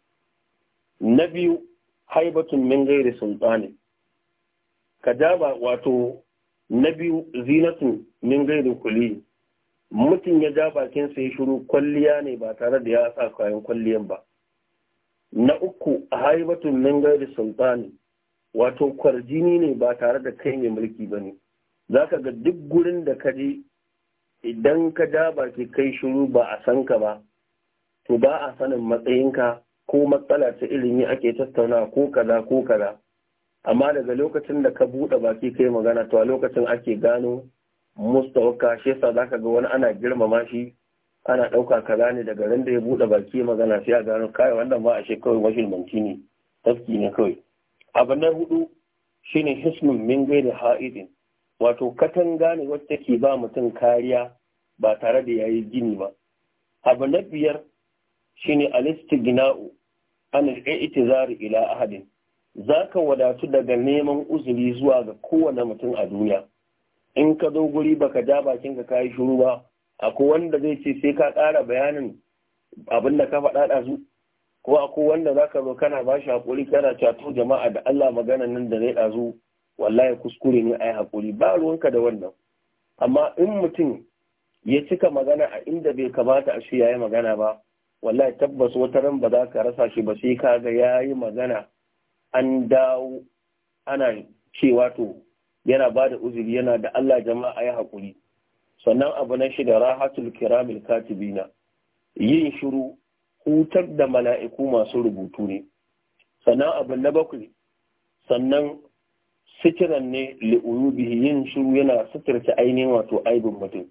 na biyu haibatun min da sultani ka ja ba wato na biyu zinatun min da kuli mutum ya ja bakinsa ya shiru kwalliya ne ba tare da ya sa kayan kwalliyan ba na uku a haibatun min gairi sultani wato kwarjini ne ba tare da kai mai mulki ba ne za ka ga duk gurin da ka je idan ka ja baki kai shiru ba a san ka ba to ba a sanin matsayinka ko matsala ta ilimi ake tattauna ko kaza ko kaza amma daga lokacin da ka buɗe baki kai magana to a lokacin ake gano mustawaka shi yasa zaka ga wani ana girmama shi ana ɗauka kaza ne daga ran da ya buɗe baki magana sai a gano kai wannan ba a shi kawai manti ne tafki ne kawai abu na hudu shine hismin min gaida ha'idin wato katanga ne wacce ke ba mutum kariya ba tare da yayi gini ba abu na biyar shine alistigna'u an al-i'tizar ila ahadin zaka wadatu daga neman uzuri zuwa ga kowane mutum a duniya in ka zo guri baka ja bakin ka kayi shiru ba akwai wanda zai ce sai ka kara bayanin abin da ka faɗa ɗazu ko akwai wanda za ka zo kana ba shi haƙuri kana cato jama'a da Allah maganan nan da zai ɗazu wallahi kuskure ne a yi haƙuri ba ruwanka da wannan amma in mutum ya cika magana a inda bai kamata a shi ya yi magana ba wallahi tabbas wata ran ba za ka rasa shi ba sai ka ga ya yi magana an dawo ana cewa to yana ba da uzuri yana da Allah jama'a ya haƙuri sannan abu na shida rahatul kiramil katibina yin shiru hutar da mala'iku masu rubutu ne sannan abu na bakwai sannan sitiran ne li'uyubihi yin shiru yana sitirta ainihin wato aibin mutum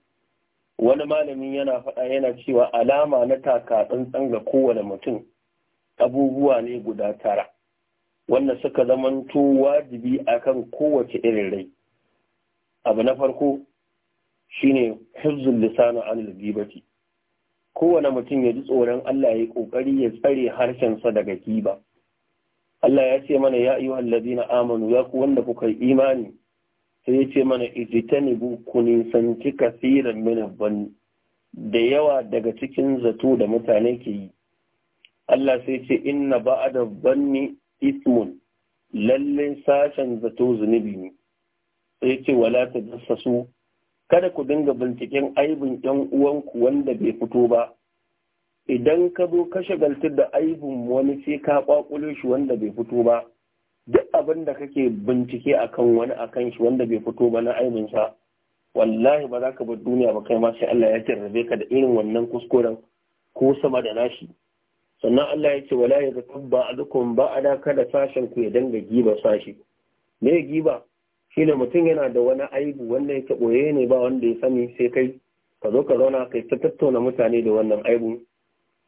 wani malamin yana faɗa yana cewa alama na taka tsantsan ga kowane mutum abubuwa ne guda tara wanda suka zamanto wajibi a kan kowace irin rai abu na farko shine hizzul lisanu anil gibati kowane mutum ya ji tsoron Allah ya yi kokari ya tsare harshensa daga giba Allah ya ce mana ya yi ladina amanu ya ku wanda kuka yi imani sai ya ce mana ijtanibu ku nisanci kasiran min ban da yawa daga cikin zato da mutane ke yi Allah sai ce inna ba'da banni ismun lallin sashen zato zunubi ne sai ce wala ta su. kada ku dinga binciken aibin yan uwanku wanda bai fito ba idan ka zo ka shagaltar da aibin wani sai ka kwakulo shi wanda bai fito ba duk abin da kake bincike akan wani akan shi wanda bai fito ba na aibin sa wallahi ba za ka bar duniya ba kai ma sai Allah ya jarrabe ka da irin wannan kuskuren ko sama da nashi sannan Allah ya ce wala ya tabba adukum ba daka da sashen ku ya danga giba sashi me giba ne mutum yana da wani aibu wanda yake ɓoye ne ba wanda ya sani sai kai ka zo ka zauna kai ta tattauna mutane da wannan aibu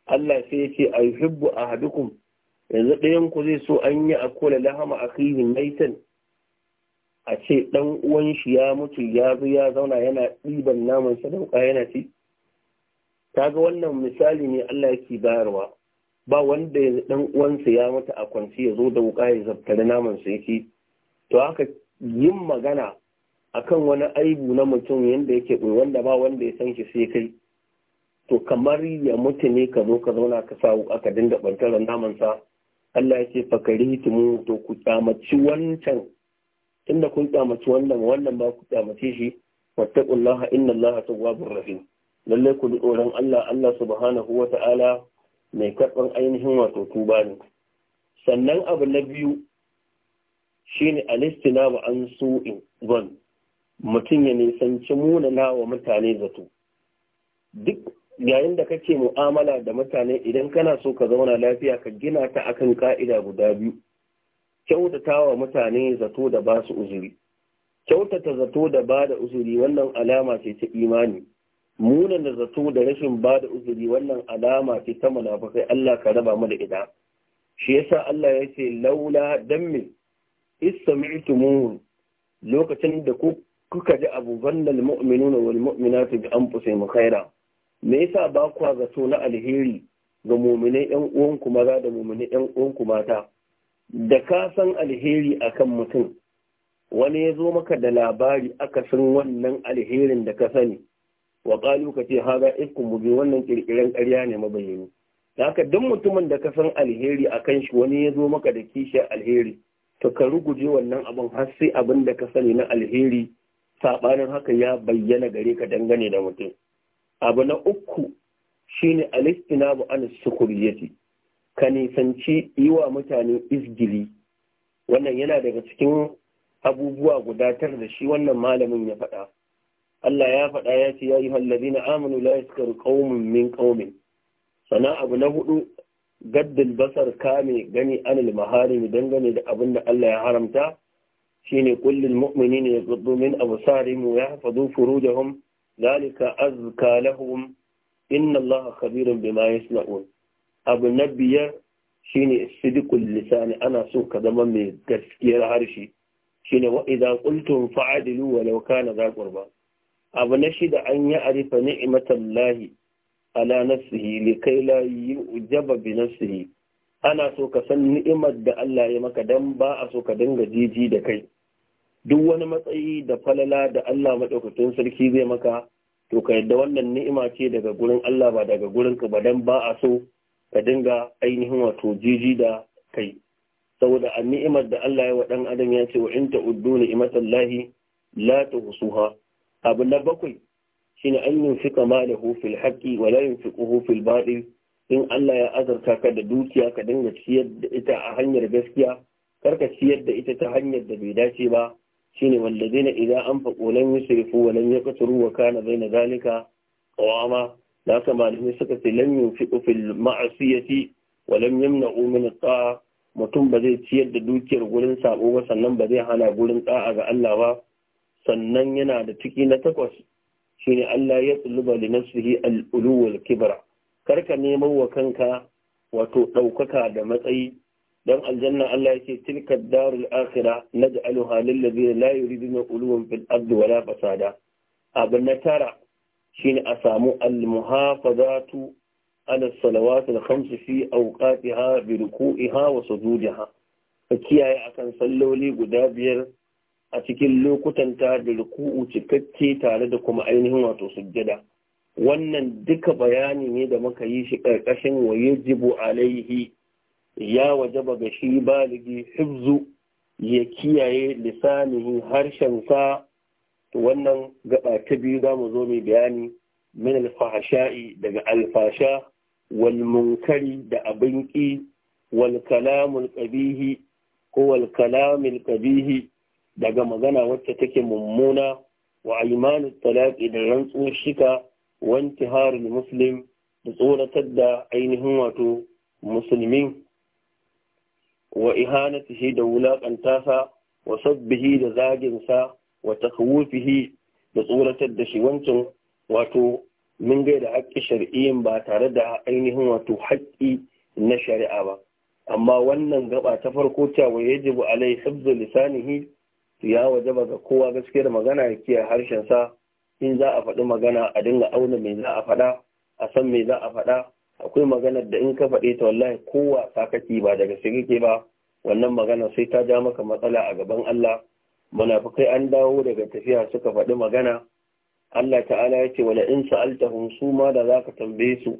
Allah sai ya ce a hadukun yanzu ɗayan ku zai so an yi kola lahama a akhihi maitan a ce ɗan uwan shi ya mutu ya zo ya zauna yana ɗiban naman sadauka yana ci Ta ga wannan misali ne Allah yake bayarwa ba wanda ya dan uwansa ya mata a kwanci ya zo da wuka ya zaftare naman sa yake to haka yin magana akan wani aibu na mutum yanda yake ɓoye wanda ba wanda ya san shi sai kai to kamar ya mutu ne ka zo ka zauna ka sa ka dinga bantaran naman sa Allah ya ce fakari tumu to ku kyamaci wancan tunda kun kyamaci wannan wannan ba ku kyamace shi wattaqullaha innallaha tawwabur rahim lalle ku tsoron Allah Allah subhanahu wa ta'ala. mai karɓar ainihin wato tuba ne sannan abu na biyu shine alistina ba an in zon mutum ya nisanci munana wa mutane zato duk yayin da kake mu'amala da mutane idan kana so ka zauna lafiya ka gina ta akan ka'ida guda biyu kyautata wa mutane zato da ba su uzuri kyautata zato da ba da uzuri wannan alama ce ta imani munan da zato da rashin ba da uzuri wannan alama ce ta munafikai Allah ka raba mu da ita shi yasa Allah ya ce laula dammi istami'tumu lokacin da ku kuka ji abu zannal mu'minuna wal mu'minatu bi anfusihim khaira me yasa ba ku zato na alheri ga mu'minai uwan uwanku maza da mu'minai uwan uwanku mata da ka san alheri akan mutum wani ya zo maka da labari aka san wannan alherin da ka sani wa qalu ka ce haza ifkum mubi wannan kirkiren ƙarya ne mabayyani haka duk mutumin da ka san alheri a kan shi wani ya zo maka da kishiyar alheri to ka ruguje wannan abin har sai abin da ka sani na alheri sabanin haka ya bayyana gare ka dangane da mutum abu na uku shine alistina bu an sukuriyati ka nisanci yi wa mutane izgili wannan yana daga cikin abubuwa gudatar da shi wannan malamin ya faɗa Allah ya faɗa ya ce ya yi hallabi na amanu la yaskar qaumun min qaumin sana abu na hudu gaddin basar kame gani anil maharim dangane da abin da Allah ya haramta shine kullul mu'minina yaghuddu min absarihim ya yahfazu furujahum zalika azka lahum inna Allaha khabirun bima yasna'un abu na biyar shine sidikul lisani ana so ka zama mai gaskiyar harshe shine wa idza qultum fa'adilu walau kana za qurba abu na shida an yi arifa lahi, ala nafsihi kai la yujaba bi nafsihi ana so ka san ni'imar da Allah ya maka dan ba a so ka dinga jiji da kai duk wani matsayi da falala da Allah maɗaukacin sarki zai maka to ka yadda wannan ni'ima ce daga gurin Allah ba daga gurin ka ba dan ba a so ka dinga ainihin wato jiji da kai saboda a ni'imar da Allah ya wa dan adam ya ce wa in ta'uddu lahi, la tuhsuha abu na bakwai shine an yunfika kama da haqqi wa la yunfiquhu hufil baɗi in Allah ya azarta ka da dukiya ka dinga ciyar da ita a hanyar gaskiya karka ciyar da ita ta hanyar da bai dace ba shine walladina idan an faƙo lan yusrifu wa lan yaqturu wa kana zaina zalika qawama da haka malamai suka ce lan yunfiqu fil ma'asiyati wa lam yamna'u min at mutum ba zai ciyar da dukiyar gurin sabo ba sannan ba zai hana gurin da'a ga Allah ba sannan yana da ciki na takwas shine Allah ya tsuluba li nafsihi al-ulu wal kibra karka neman wa kanka wato ɗaukaka da matsayi dan aljanna Allah yake tilka darul akhira naj'aluha lil ladina la yuriduna uluwan fil ardi wala fasada abin na tara shine a samu al muhafazatu ala salawat al khams fi awqatiha bi ruku'iha wa sujudiha kiyaye akan salloli guda biyar a cikin lokutanta da ruku'u cikakke tare da kuma ainihin wato sujjada wannan duka bayani ne da muka yi shi ƙarƙashin wa yajibu alaihi ya wajaba ga shi baligi hifzu ya kiyaye lisanihi harshensa wannan gaba ta biyu za mu zo mai bayani min alfahasha'i daga alfasha wal munkari da abin ƙi wal kalamul ƙabihi ko wal kalamul ƙabihi daga magana wacce take mummuna wa aimanu talaƙi da rantsuwar shika wa harin musulun da tsoratar da ainihin wato musulmin wa ihanatihi da wulaƙanta sa wa sabbihi da zagin sa wa takhawufihi da tsoratar da shi wancan wato mun gai da haƙƙi shari'in ba tare da ainihin wato haƙƙi na shari'a ba amma wannan gaba ta farko cewa yajibu alai hifzu lisanihi ya waje ba ga kowa gaskiyar magana ya kiyaye harshen sa in za a faɗi magana a dinga auna mai za a faɗa a san me za a faɗa akwai maganar da in ka faɗe ta wallahi kowa sakaki ba daga sai kake ba wannan magana sai ta ja maka matsala a gaban Allah munafikai an dawo daga tafiya suka faɗi magana Allah ta'ala ya ce wala in sa'altahum su ma da zaka tambaye su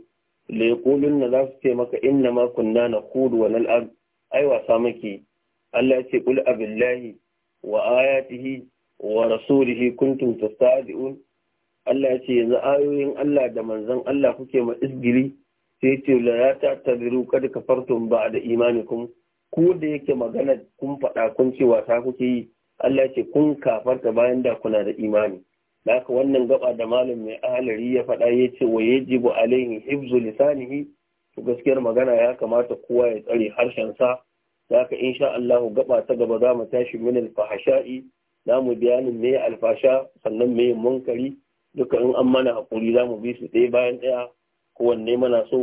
la yaqulunna za su ce maka inna ma kunna naqulu wa nal'ab ai wasa maki. Allah ya ce qul abillahi wa ayatihi wa rasulihi kuntum tasta'di'un Allah ce yanzu ayoyin Allah da manzon Allah kuke ma isgiri sai ce la ya ta'tadiru kad kafartum ba'da imanikum ku da yake magana kun faɗa kun ce wasa kuke yi Allah ce kun kafarta bayan da kuna da imani haka wannan gaba da malam mai ahalari ya faɗa ya ce wa yajibu alaihi hifzu lisanihi to gaskiyar magana ya kamata kowa ya tsare harshen sa. haka in sha Allah gaba ta gaba za mu tashi min alfahasha'i za mu bayanin me alfasha sannan me munkari duka in an mana hakuri za mu bi su ɗaya bayan ɗaya kowanne mana so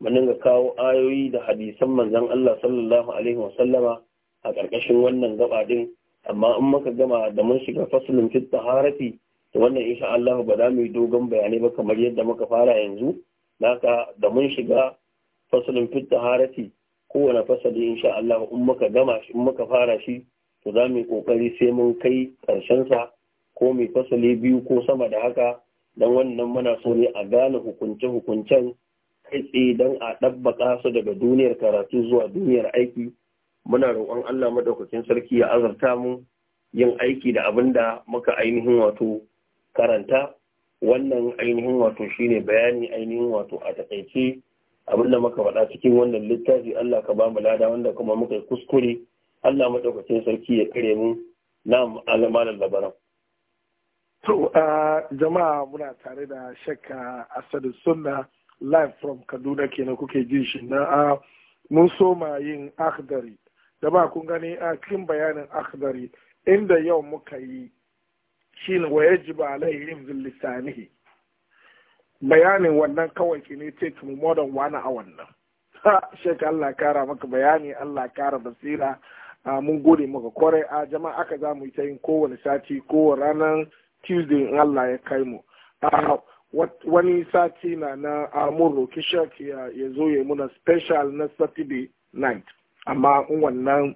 mu dinga kawo ayoyi da hadisan manzon Allah sallallahu alaihi wa sallama a ƙarƙashin wannan gaba din amma in muka gama da mun shiga faslin fit taharati to wannan in sha Allah ba za mu yi dogon bayanai ba kamar yadda muka fara yanzu naka da mun shiga faslin fit taharati kowane fasali in sha Allah in muka gama shi in muka fara shi to za mu yi kokari sai mun kai karshen sa ko mu fasali biyu ko sama da haka dan wannan muna so ne a gane hukunce hukuncen kai tsaye dan a dabbaka su daga duniyar karatu zuwa duniyar aiki muna roƙon Allah madaukakin sarki ya azurta mu yin aiki da abin da muka ainihin wato karanta wannan ainihin wato shine bayani ainihin wato a takaice abin da muka faɗa cikin wannan littafi Allah ka ba mu lada wanda kuma muka yi kuskure Allah madaukakin sarki ya kare mu na alamalan labaran. To jama'a muna tare da shakka Asadu Sunna live from Kaduna kenan kuke jin shi na mun soma yin akhdari da ba kun gani a cikin bayanin akhdari inda yau muka yi shine wa yajibu alaihim bayanin wannan kawai ki ne take mu more than one hour nan shek Allah kara maka bayani Allah kara basira ah, mun gode maka kwarai a ah, jama'a aka za mu ta yin kowane sati kowane ranar tuesday in Allah ya kai mu ah, wani sati na na amur roki shek ya zo ya muna special na saturday night amma in wannan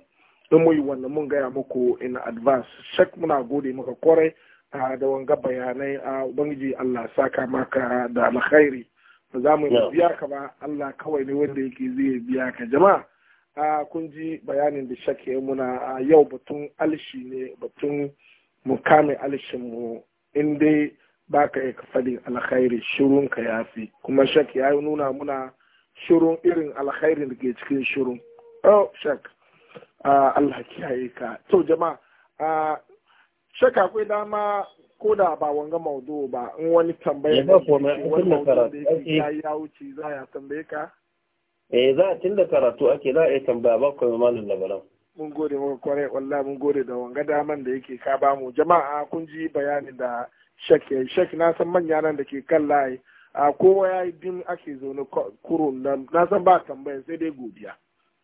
in mu yi wannan mun gaya muku in advance shek muna gode maka kwarai da wanga bayanai a ubangiji Allah saka maka da alkhairi ba za mu biya ka ba Allah kawai ne wanda yake zai biya ka jama'a a kun ji bayanin da shake muna a yau batun alshi ne batun mu kame alshin mu in dai baka ka faɗin alkhairi shirun ka yafi kuma shak ya nuna muna shirun irin alkhairin da ke cikin shirun oh shak Allah kiyaye ka to jama'a shaka akwai dama ko da ba wanga maudu ba in wani tambaya da wani maudu da ya wuce za ya tambaye ka eh za a tinda karatu ake za a yi tambaya ba kuma malam labaran mun gode maka kwarai wallahi mun gode da wanga daman da yake ka bamu jama'a kun ji bayanin da shek ya shek na san manya nan da ke kan layi a kowa ya yi din ake zaune kurun nan na san ba tambaya sai dai godiya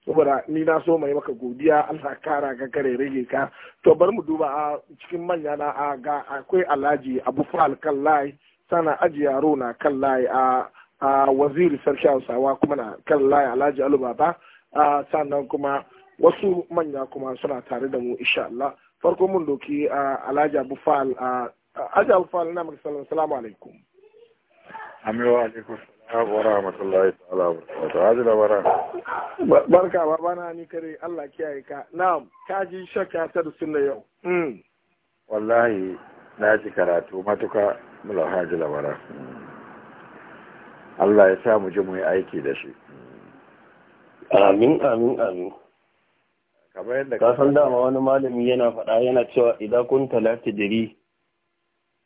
saboda ni na so mai maka godiya Allah kara ga kare rage ka to bar mu duba a cikin manya na a ga akwai Alhaji Abu Fal Kallai sana aji yaro na Kallai a a waziri sarki Hausawa kuma na Kallai Alhaji Alu Baba sannan kuma wasu manya kuma suna tare da mu insha Allah farko mun doki Alhaji Abu Fal Alhaji Abu Fal na maka salamu alaikum Amin wa alaikum warahmatullahi ta'ala wabarakatuh barka na ni kare Allah kiyaye ka na'am ka ji shakka ta da sunna yau hmm. wallahi na ji karatu matuka mula hajjila bara Allah ya sa mu ji mu yi aiki da shi amin amin amin ka san dama wani malami yana faɗa yana cewa idan kun talata jiri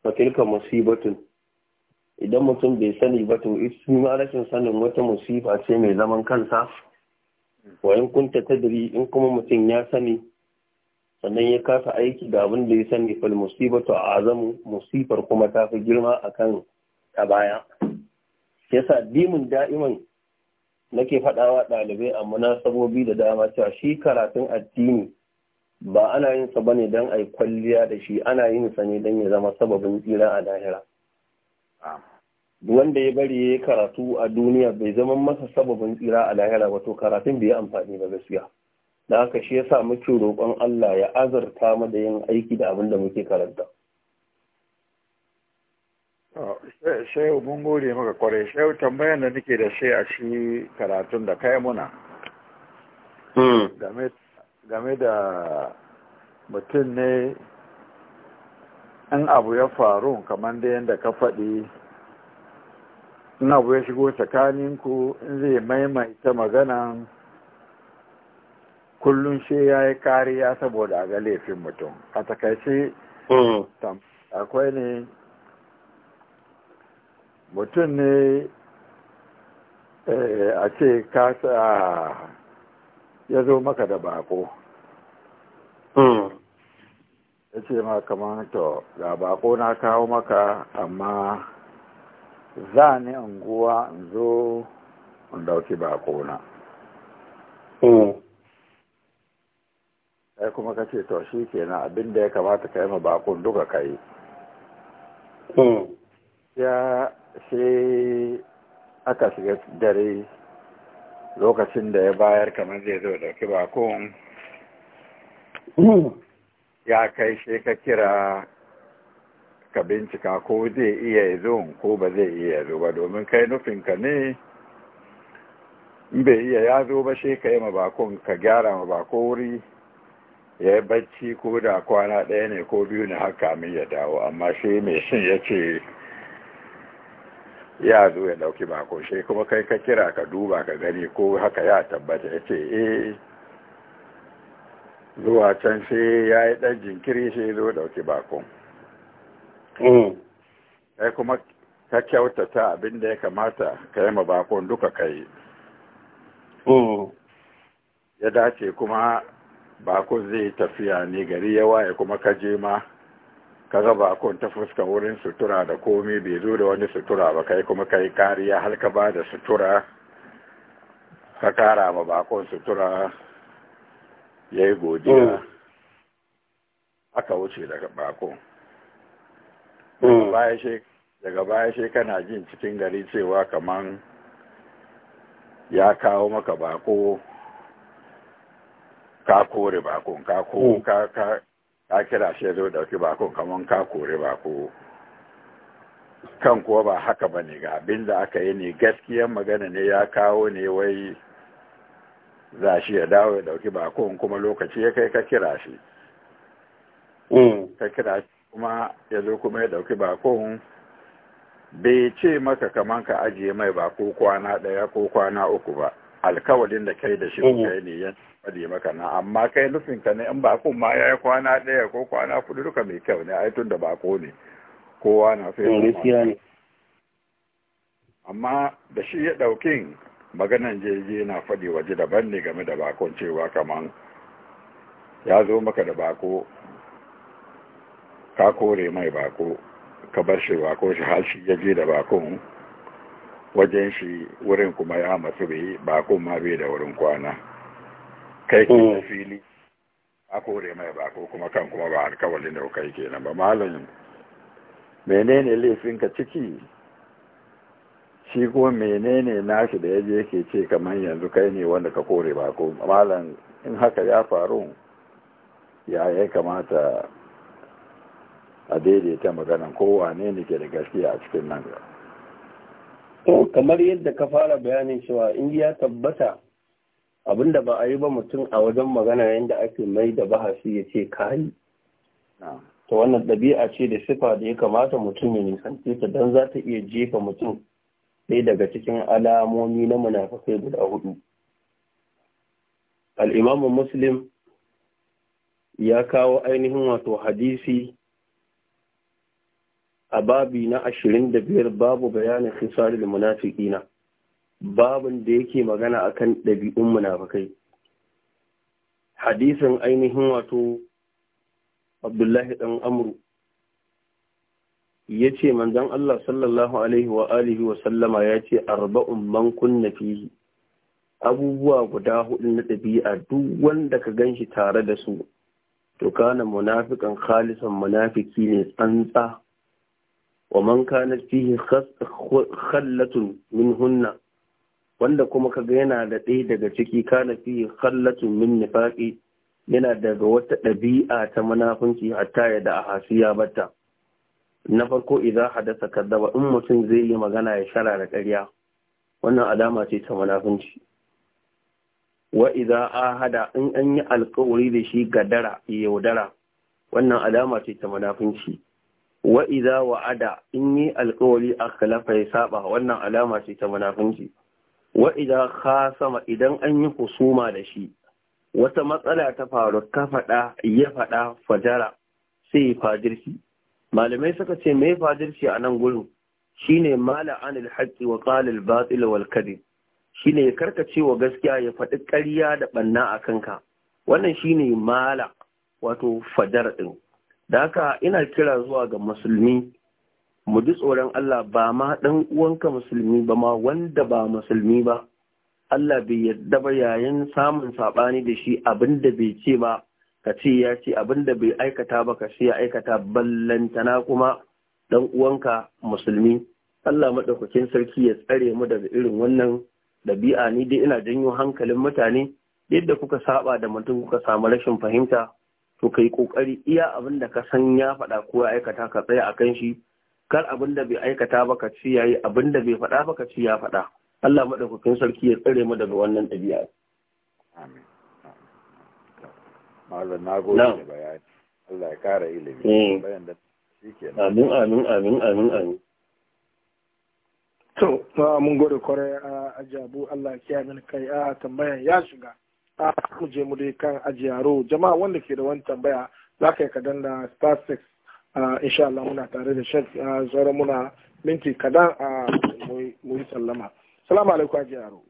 fa tilka musibatun idan mutum bai sani ba to shi ma rashin sanin wata musifa ce mai zaman kansa wa in kunta tadiri in kuma mutum ya sani sannan ya kasa aiki da abin da ya sani fal musibatu azamu musifar kuma ta fi girma akan ta baya yasa dimin da'iman nake faɗawa ɗalibai a munasabobi da dama cewa shi karatun addini ba ana yin sa bane dan ai kwalliya da shi ana yin sa ne dan ya zama sababin tsira a lahira wanda ya bari ya yi karatu a duniya bai zama masa sababin tsira a lahira ba to karatun bai yi amfani ba gaskiya da haka shi ya yasa muke roƙon Allah ya azarta mu da yin aiki da abin da muke karanta shehu mun gode maka kwarai shehu tambayar da nake da shi a shi karatun da kai muna hmm. game da mutum ne in abu ya faru kamar da yadda ka faɗi in abu ya shigo tsakaninku in zai maimaita maganan kullum shi ya yi kariya saboda a ga laifin mutum a takaice hmm. akwai ne mutum ne eh, a ce kasa ya zo maka da bako hmm. ta ce ma kamar to ga na kawo maka amma za ni unguwa in zo in dauki bako na sai mm. kuma ka ce to shi kenan abin da ya kamata ka yi ma bakon duka ka yi mm. ya sai aka shiga dare lokacin da ya bayar kamar zai zo dauki bakon mm. ya kai shi ka kira ka bincika ko zai iya zo ko ba zai iya zo ba domin kai nufin ka ne bai iya ya zo ba shi ka yi mabakon ka gyara mabako wuri ya yi bacci ko da kwana ɗaya ne ko biyu ne haka min ya dawo amma shi mai shin ya ce ya zo ya ɗauki bako shi kuma kai ka kira ka duba ka gani ko haka ya tabbata ya ce eh zuwa can sai ya yi ɗan jinkiri sai zo ɗauki bakon Kai mm. kuma ka kyautata abin da ya kamata ka yi ma bakon duka ka mm. ya dace kuma bakon zai tafiya ne gari yawa ya kuma ka je ma ka ga bakon ta fuska wurin sutura da komi bai zo da wani sutura ba kai kuma kai kariya har ka ba da sutura ka kara ma bakon sutura ya yi godiya mm. aka wuce daga bakon mm. daga baya shi kana jin cikin gari cewa kaman ya kawo maka bako ka kore bakon ka mm. ka kira shi zo dauki bakon kaman ka kore bako kan kuwa ba haka bane ga abin da aka yi ne gaskiyar magana ne ya kawo ne wai za shi ya dawo ya dauki bakon kuma lokaci ya kai ka kira shi mm. ka kira shi kuma ya zo kuma ya dauki bakon bai ce maka kaman ka ajiye mai ba ko kwana daya ko kwana uku ba alkawalin da kai da shi mm. kai ne ya faɗi maka na amma kai nufin ka ne in bakon ma ya yi kwana daya ko kwana kudu duka mai kyau ne ai tun da bako ne kowa na so ya mm, amma da shi ya daukin maganan jeje na faɗi waje daban ne game da bakon cewa kaman ya zo maka da bako ka kore mai bako ka bar shi bako shi har shi ya je da bakon wajen shi wurin kuma ya masu bai bakon ma bai da wurin kwana kai ke mm. fili ka kore mai bako kuma kan kuma ba alkawalin da kai kenan ba malamin menene laifinka ciki shi kuma menene nashi da yaje yake ce kamar yanzu kai ne wanda ka kore ba ko malam in haka ya faru ya ya kamata a daidaita magana? kowa ne ne ke da gaskiya a cikin nan ga kamar yadda ka fara bayanin cewa in ya tabbata abinda ba a yi ba mutum a wajen magana yadda ake mai da bahasi ya ce kayi to wannan ɗabi'a ce da sifa da ya kamata mutum ya nisance ta don za ta iya jefa mutum sai daga cikin alamomi na munafikai guda hudu al'imamu muslim ya kawo ainihin wato hadisi a babi na ashirin da biyar babu bayanin hisarar munafikina babin da yake magana akan ɗabi'un munafikai hadisin ainihin wato abdullahi ɗan amru ya ce manzan Allah sallallahu Alaihi wa alihi ya ce arba'un man kunna fihi abubuwa guda hudu na ɗabi'a duk wanda ka gan shi tare da su to kana munafikan khalisan munafiki ne tsantsa wa man kana fihi khallatun min hunna wanda kuma ka ga yana da ɗaya daga ciki kana fihi khallatun min nifaqi yana daga wata ɗabi'a ta munafunci hatta ya da a hasiya bata na farko idan hadasa kaddaba in mutum zai yi magana ya shara da ƙarya wannan alama ce ta munafunci wa idan ahada in an yi alƙawari da shi gadara yaudara wannan alama ce ta munafunci wa idan wa'ada in yi alƙawari a kalafa ya saba wannan alama ce ta munafunci wa idan khasama idan an yi husuma da shi wata matsala ta faru ka faɗa ya faɗa fajara sai fajirci malamai suka ce mai fadirci a nan gurin shine mala anil haqqi wa qala al wal shine ya karkace wa gaskiya ya faɗi ƙarya da ɓanna a kanka wannan shi ne mala wato fadar ɗin. da haka ina kira zuwa ga musulmi mu ji tsoron Allah ba ma ɗan uwanka musulmi ba ma wanda ba musulmi ba Allah bai yarda ba yayin samun saɓani da shi abin da bai ce ba ka ce ya ce abinda bai aikata ba ka sai ya aikata ballantana kuma dan uwanka musulmi Allah madaukakin sarki ya tsare mu daga irin wannan dabi'a ni dai ina janyo hankalin mutane yadda kuka saba da mutum kuka samu rashin fahimta to kai kokari iya abin da ka san ya faɗa ko ya aikata ka tsaya a kan shi kar abin da bai aikata ba ka ci yayi abin da bai faɗa ba ka ci ya faɗa Allah madaukakin sarki ya tsare mu daga wannan dabi'a amin Allah na gode da bayani. Allah ya kara ilimi. Mm. Bayan da Amin amin amin amin amin. To, mun gode kwarai a ajabu Allah ya min kai a tambayan ya shiga. A mu je mu dai kan ajiyaro jama'a wanda ke da wani tambaya za ka yi kadan da star six insha Allah muna tare da shek sauran muna minti kadan a mu yi sallama. Salamu alaikum ajiyaro.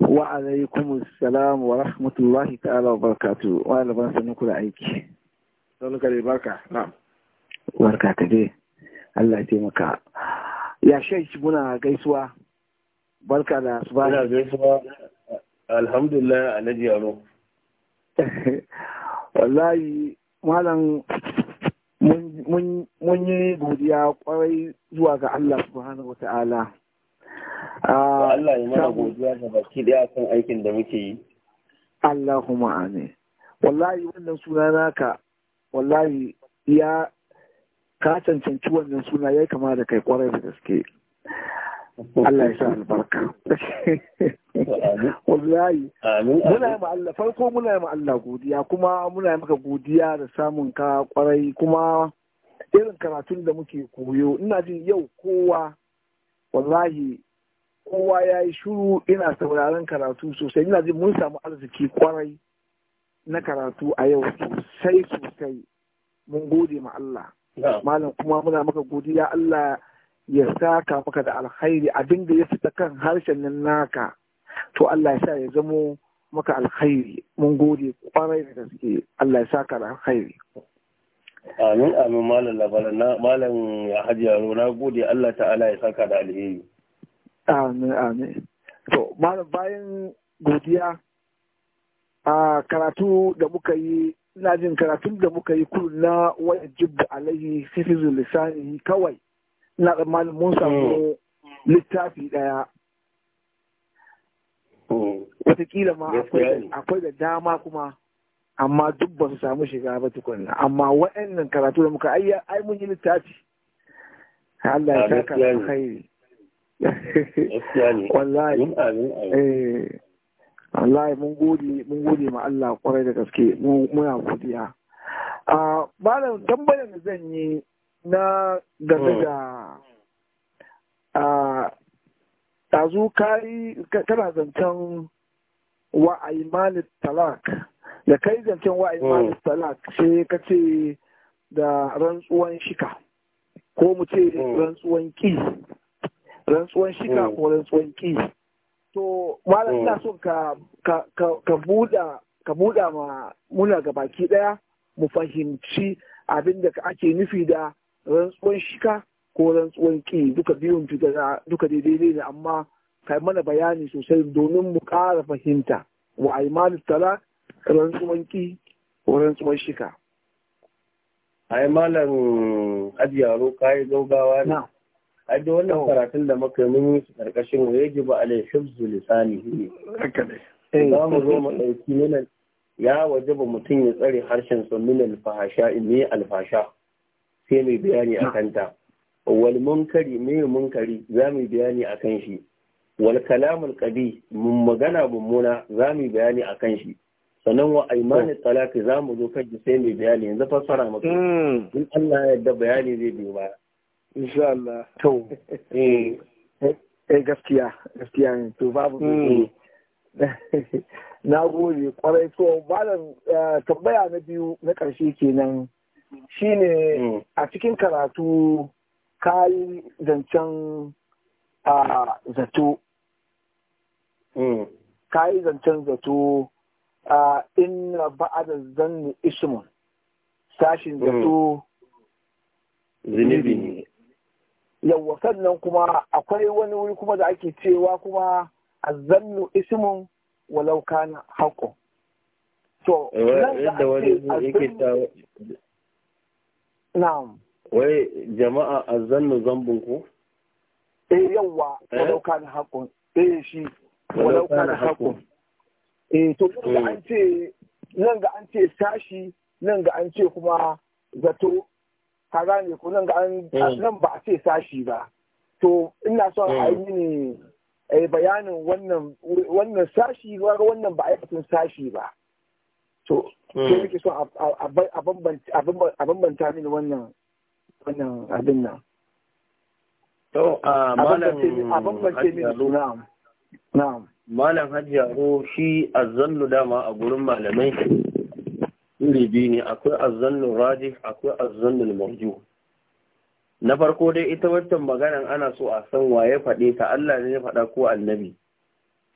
wa alaikum salam wa rahmatullahi ta'ala wa barakatu wa alaban sanin kula aiki saunuka da barka na'am barka ta dai Allah ya taimaka ya shaish muna gaisuwa barka da su muna gaisuwa alhamdulillah alhaji yaro wallahi malam mun yi godiya kwarai zuwa ga Allah subhanahu wa ta'ala Ah, Allah ya mana godiya da baki daya kan aikin da muke yi. Allahumma amin. Wallahi wannan suna naka wallahi ya ka cancanci wannan suna ya kama da kai kwarai da gaske. Allah ya sa albarka. Wallahi. Muna yi Allah farko muna yi Allah godiya kuma muna yi maka godiya da samun ka kwarai kuma irin karatun da muke koyo ina jin yau kowa wallahi kowa ya yi shuru ina sauraron karatu sosai ina ji mun samu arziki kwarai na karatu a yau sosai sosai mun gode ma Allah malam kuma muna maka godiya Allah ya saka maka da alkhairi abin da ya fita kan harshen nan naka to Allah ya sa ya zamo maka alkhairi mun gode kwarai da gaske Allah ya saka da alkhairi amin amin malam labaran malam ya hajiya na gode Allah ta'ala ya saka da alheri Amin, amin. To, malam bayan godiya a karatu da muka yi, ina jin karatun da muka yi kudu na wajen jibba alaihi hifizu lissani kawai, ina tsammanin mun samu hmm. littafi ɗaya. Hmm. Wataƙila ma akwai da dama kuma, amma duk ba su samu shiga ba tukunna. Amma waɗannan karatu da muka ai mun yi littafi. Allah ya ah, saka kai. wallahi eh, wallahi mun gode mun gode ma Allah kwarai da gaske muna godiya a ah, malam tambayar da zan yi na game hmm. da a ah, tazu kai kana zancen wa'ayi malik talak da kai zancen wa'ayi hmm. malik talak sai ka ce da rantsuwan shika ko mu ce hmm. rantsuwan ki rantsuwan shika ko rantsuwan ki to malam ina son ka buɗa ma muna ga baki ɗaya mu fahimci abin da ake nufi da rantsuwan shika ko rantsuwan ki duka biyun duka daidai ne amma kai mana bayani sosai domin mu ƙara fahimta wa aimanu tala rantsuwan ki ko rantsuwan shika ai malam ajiyaro kayi gaugawa ne ai da wannan karatun da muka yi mun yi su karkashin wa yaji ba alai hifzu lisanihi ne za mu eh. zo mu ɗauki minan ya wajaba mutum ya tsare harshen sa min alfahasha me alfasha sai mai bayani a kanta wal munkari me munkari za mu bayani a kan shi wal kalamul qabi mun magana mummuna za mu bayani a kan shi sannan wa aimani talaki za mu zo kan sai mai bayani yanzu fassara maka hmm. in Allah ya yarda bayani zai biyo baya insha Allah to eh, eh, eh gaskiya gaskiya to babu hmm. eh. na gode kwarai to malam tambaya na biyu na ƙarshe kenan shine hmm. a cikin karatu kayi zancen a zato hmm. kayi zancen zato a inna ba'ada zanni ismun sashin zato zinibi ne yawwa sannan kuma akwai wani wuri kuma da ake cewa kuma azzannu ismun walau kana haqqo to eh, yadda wani yake ta wai jama'a a zannu zambun ku? eh yawwa eh? walau kana haqqo eh shi walau kana haqqo eh to hmm. an ce nan ga an ce sashi nan ga an ce kuma zato ka gane ko nan ga an eh. nan ba a ce sashi ba to ina son a yi eh. ne a bayanin wannan wannan sashi ga wannan ba aikatun sashi ba to hmm. sai nake so a bambanta mini wannan wannan abin nan to a bambance mini na'am na'am malam hajji shi azzallu dama a gurin malamai iri biyu ne akwai azannin raji akwai azannin marju na farko dai ita wancan maganan ana so a san waye faɗe ta Allah ne ya faɗa ko annabi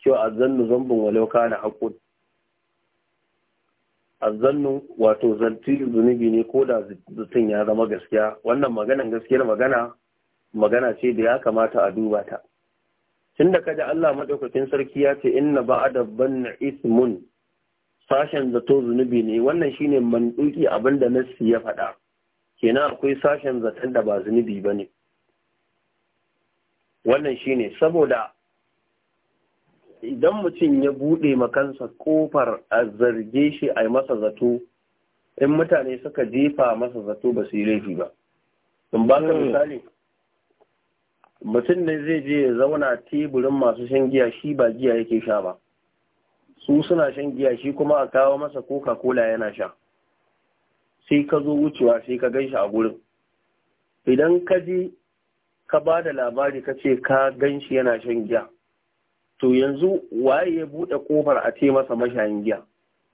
cewa azzannu zambun walau kana haqqun azzannu wato zanti zunubi ne ko da zutun ya zama gaskiya wannan maganan gaskiyar magana magana ce da ya kamata a duba ta tunda kaji Allah madaukakin sarki ya ce inna ba'ada banna ismun sashen zato zunubi ne wannan shine manduki abin da nassi ya faɗa kenan akwai sashen zaton da ba zunubi ba ne wannan shine saboda idan mutum ya buɗe makansa ƙofar a zarge shi a masa zato in mutane suka jefa masa zato ba su yi laifi ba in ba ka hmm. misali mutum ne zai je ya zauna teburin masu shan giya shi ba giya yake sha ba su suna shan giya shi kuma a kawo masa coca cola yana sha sai ka zo wucewa sai ka ganshi a gurin idan ka je ka ba da labari ka ce ka ganshi yana shan giya to yanzu waye ya buɗe ƙofar a ce masa mashayin giya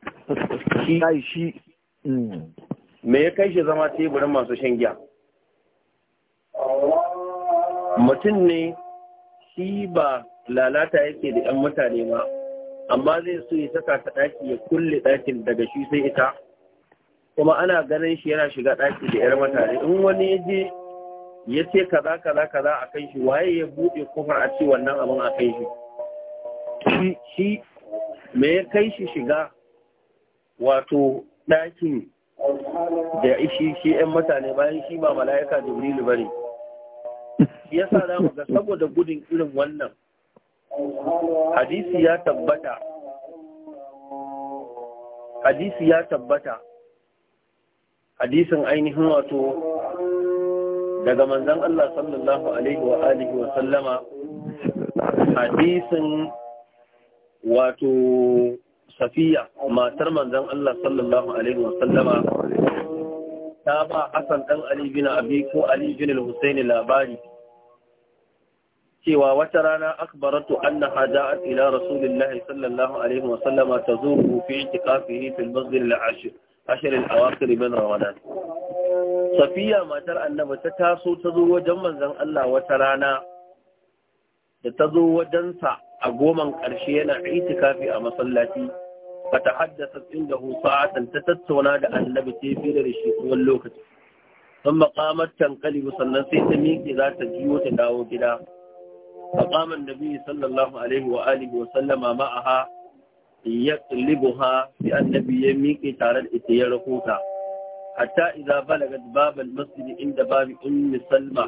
hmm. me ya kai shi zama teburin masu shan giya mutum ne shi ba lalata yake da 'yan mutane ba amma zai so ya saka ta ɗaki ya kulle ɗakin daga shi sai ita kuma ana ganin shi yana shiga ɗaki da 'yar mutane in wani ya je ya ce kaza kaza kaza a kan shi waye ya buɗe kofar a ce wannan abin a kan shi shi me ya kai shi shiga wato ɗakin da shi shi 'yan mutane bayan shi ba mala'ika jibrilu bane yasa za mu ga saboda gudun irin wannan hadisi ya tabbata hadisi ya tabbata hadisin ainihin wato daga manzan Allah sallallahu alaihi wa alihi wa sallama hadisin wato safiya matar manzan Allah sallallahu alaihi wa sallama ta ba Hassan dan Ali bin Abi ko Ali bin Husaini labari cewa wata rana akbaratu annaha da'at ila rasulillahi sallallahu alaihi wa sallama tazuruhu fi i'tiqafihi fil masjid al-ashir ashir al-awakhir min ramadan safiya matar annabi ta taso ta zo wajen manzon Allah wata rana da ta zo wajen sa a goman karshe yana i'tikafi a masallaci fa tahaddathat indahu sa'atan ta tattauna da annabi ta fi da shi tsawon lokaci ثم قامت تنقلب sannan sai ta miƙe za ta jiyo ta dawo gida فقام النبي صلى الله عليه وآله وسلم معها يقلبها بأن النبي يميك تعالى الاتيار قوتا حتى إذا بلغت باب المسجد عند باب أم سلمة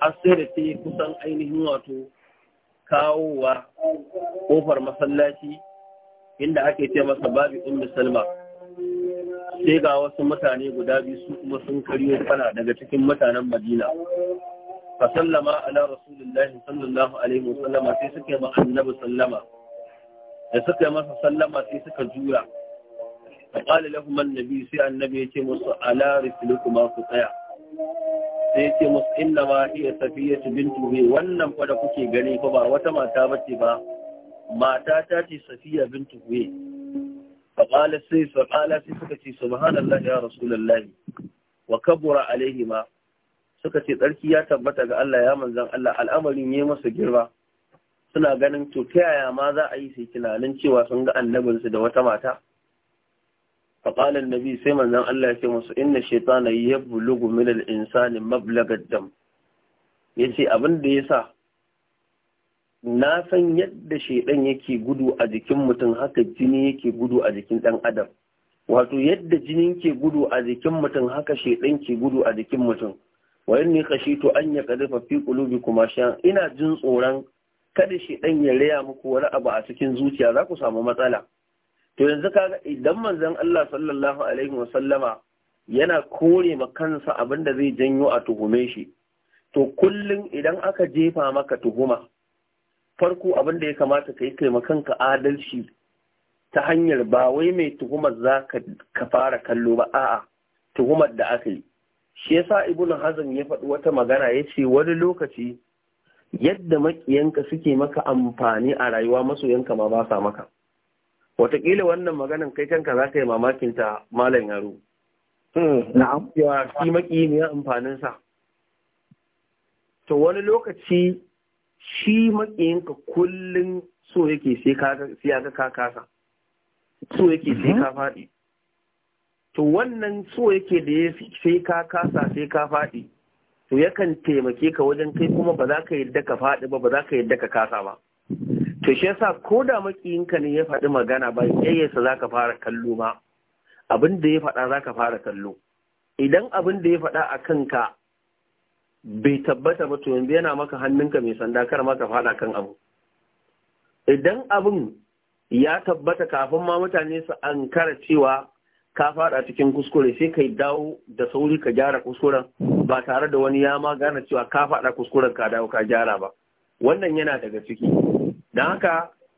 حصرت كسان أينه واتو كاووا قفر مسلاتي عند أكيتي باب أم سلمة sai ga wasu mutane guda biyu su kuma sun kariyo kana daga cikin mutanen Madina fa sallama ala rasulillahi sallallahu alaihi wa sallama sai suka yi ma annabi sallama da suka yi masa sallama sai suka juya fa qala lahum annabi sai annabi yace musu ala rislikuma ku tsaya sai yace musu inna ma hiya safiyatu bintu bi wannan fa da kuke gani fa ba wata mata bace ba mata ta ce safiya bintu bi fa qala sai fa qala sai suka ce subhanallahi ya rasulullahi wa kabura ma. suka ce tsarki ya tabbata ga Allah ya manzan Allah al'amarin ya masa girma suna ganin to ta yaya ma za a yi sai tunanin cewa sun ga annabinsu da wata mata faƙalar nabi sai manzan Allah ya ce musu inna shaitana ya bulugu min al-insani mablagar dam ya ce abin da ya sa na san yadda shaidan yake gudu a jikin mutum haka jini yake gudu a jikin ɗan adam wato yadda jinin ke gudu a jikin mutum haka shaidan ke gudu a jikin mutum wa inni khashitu an yaqdhafa fi qulubikum shay'an ina jin tsoron kada shi dan ya riya muku wani abu a cikin zuciya za ku samu matsala to yanzu kaga idan manzon Allah sallallahu alaihi wa sallama yana kore ma kansa abin da zai janyo a tuhume shi to kullum idan aka jefa maka tuhuma farko abin da ya kamata ka yi kanka adalci ta hanyar ba wai mai tuhumar za ka fara kallo ba a'a tuhumar da aka yi shi yasa ibnu hazm ya faɗi wata magana ya ce wani lokaci yadda makiyanka suke maka amfani a rayuwa masoyanka ma ba sa maka wataƙila wannan maganan kai kanka za ka yi mamakin ta malam yaro hmm, ya shi maki ne amfanin sa to wani lokaci shi makiyinka kullum so yake sai ka kasa so yake sai ka mm-hmm. faɗi to wannan so yake da ya sai ka kasa sai ka faɗi to yakan taimake ka wajen kai kuma ba za ka yadda ka faɗi ba ba za ka yadda ka kasa ba to shi yasa ko da makiyinka ne ya faɗi magana ba yayyasa za ka fara kallo ma abin da ya faɗa za ka fara kallo idan abin da ya faɗa a kanka bai tabbata ba to yanzu yana maka hannunka mai sanda kar maka faɗa kan abu idan abin ya tabbata kafin ma mutane su ankara cewa ka fada cikin kuskure sai ka dawo da sauri ka gyara kuskuren ba tare da wani ya ma gane cewa ka fada kuskuren ka dawo ka gyara ba wannan yana daga ciki don haka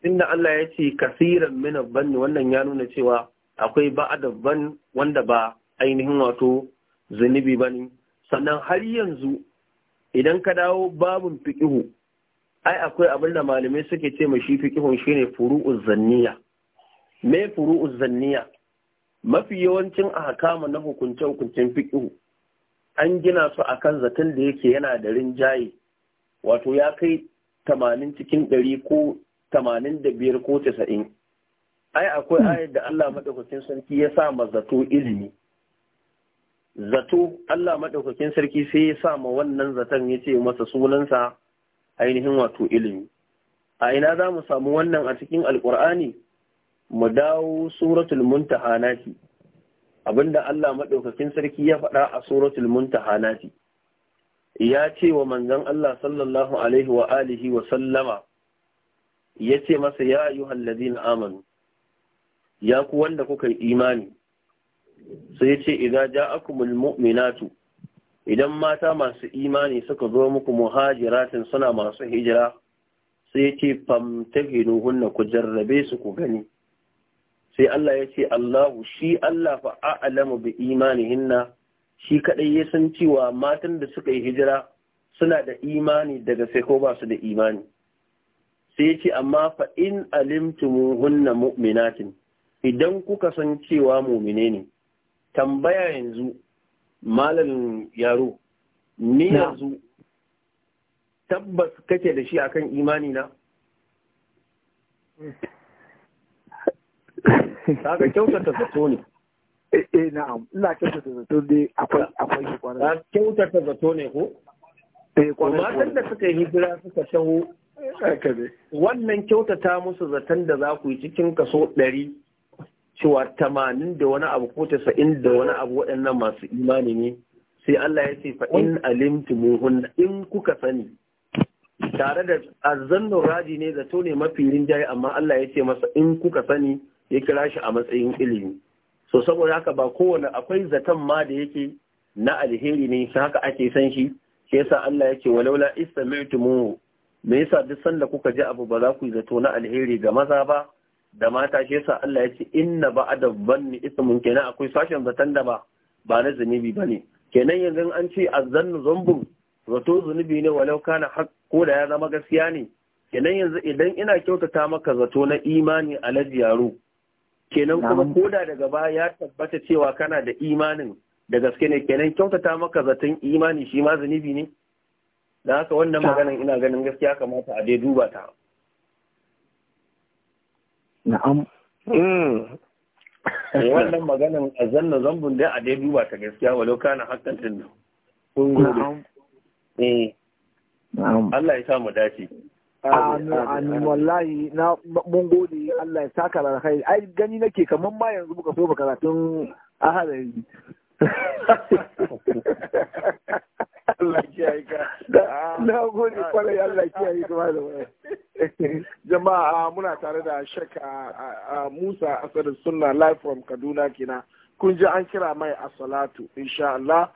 inda Allah ya ce kasiran min banni wannan ya nuna cewa akwai ba'ad ban wanda ba ainihin wato zunubi bane sannan har yanzu idan ka dawo babun fiqihu ai akwai abin da malamai suke ce ma shi fiqihun shine furu'uz zanniya me furu'uz zanniya mafi yawancin ahkama na hukunce hukuncen fiqh an gina su a kan zaton da yake yana da rinjaye wato ya kai tamanin cikin ɗari ko tamanin da biyar ko casa'in ai akwai hmm. ayar da Allah maɗaukakin sarki ya sa ma zato ilimi zato Allah maɗaukakin sarki sai ya sa ma wannan zaton ya ce masa sunansa ainihin wato ilimi a ina za mu samu wannan a cikin alƙur'ani mu dawo suratul muntaha nati abinda Allah maɗaukakin sarki ya faɗa a suratul muntaha nati ya ce wa manzon Allah sallallahu alaihi wa alihi wa sallama ya ce masa ya ayyuhal ladina amanu ya ku wanda kuka yi imani sai ya ce idza ja'akumul mu'minatu idan mata masu imani suka zo muku muhajiratin suna masu hijira sai ce famtahinu hunna ku jarrabe su ku gani sai Allah ya ce Allahu shi Allah fa a'lamu bi imanihinna shi kadai ya san cewa matan da suka yi hijira suna da imani daga sai ko ba su da imani sai ya ce amma fa in alimtumuhunna mu'minatin idan kuka san cewa mumine ne tambaya yanzu malamin yaro ni yanzu tabbas kake da shi akan imani na hmm. kaga kyautata zato ne eh, eh na'am ina kyautata zato dai akwai akwai shi kwarai kyautata zato ne ko eh kwarai matan da suka yi hijira suka taho wannan kyautata musu zaton da za ku yi cikin kaso ɗari cewa tamanin da wani abu ko tasa'in da wani abu waɗannan masu imani ne sai Allah ya ce fa in alimtumuhun in kuka sani tare da azzannun raji ne zato ne mafi rinjaye amma Allah ya ce masa in kuka sani ya kira shi a matsayin ilimi so saboda haka ba kowane akwai zaton ma da yake na alheri ne shi haka ake san shi shi yasa Allah yake walaula istami'tumu me yasa duk sanda kuka ji abu ba za ku yi zato na alheri ga maza ba da mata shi yasa Allah yake inna ba dhanni ismun kenan akwai sashen zaton da ba ba na zunubi bane kenan yanzu an ce azzannu zambun zato zunubi ne walau kana haq ko da ya zama gaskiya ne kenan yanzu idan ina kyautata maka zato na imani alaji yaro kenan kuma koda daga baya ya tabbata cewa kana da imanin da gaske ne kenan kyautata maka zaton imani shi ma zunubi ne da haka wannan maganan ina ganin gaskiya kamata a dai duba ta na'am hmm. wannan maganan a zanna zambun dai a dai duba ta gaskiya walau kana hakan din nan eh. Allah ya sa mu dace Amin wallahi na mun gode Allah ya saka da alkhairi ai gani nake kaman ma yanzu muka so karatun ahalari Allah kiyaye ka na ah, gode ah, kwarai ah, Allah kiyaye ka malam jama'a muna tare da shaka Musa Asad Sunna live from Kaduna kina kun ji an kira mai as-salatu insha Allah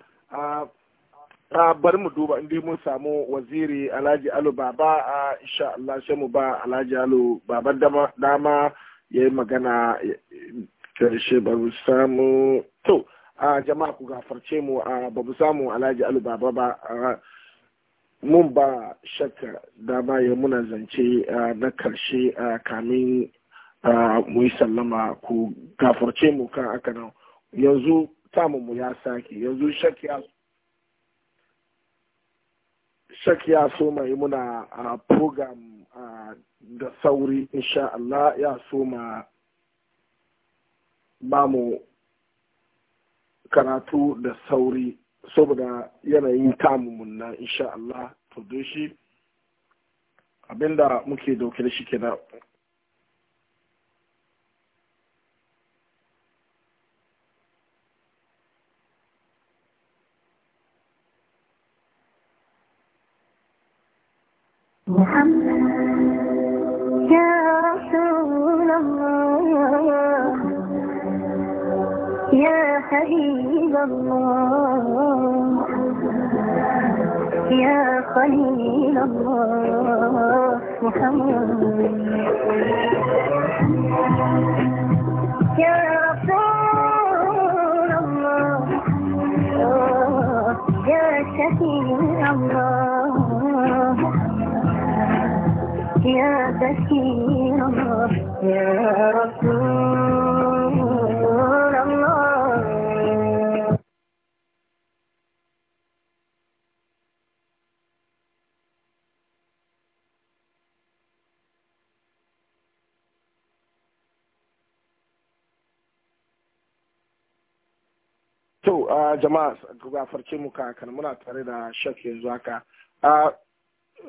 bari mu duba inda mun samu waziri alhaji alu baba a insha Allah sai mu ba alhaji alu baba dama ya yi magana karshe ba mu samu to a jama'a ku gafarce mu a ba mu samu alhaji alu baba ba mun ba shakka dama ya muna zance na karshe kamin mu yi sallama ku gafarce mu kan aka nan yanzu samun mu ya sake yanzu shakka shak ya so yi muna a program da sauri insha Allah ya so ma ba mu karatu da sauri saboda yanayin tamumin nan insha Allah to shi abinda muke dauke da shi kenan محمد يا رسول الله يا حبيب الله يا خليل الله محمد يا رسول الله يا شهيد الله يا uh, jama'a gafarce mu kakan muna tare da shak yanzu haka.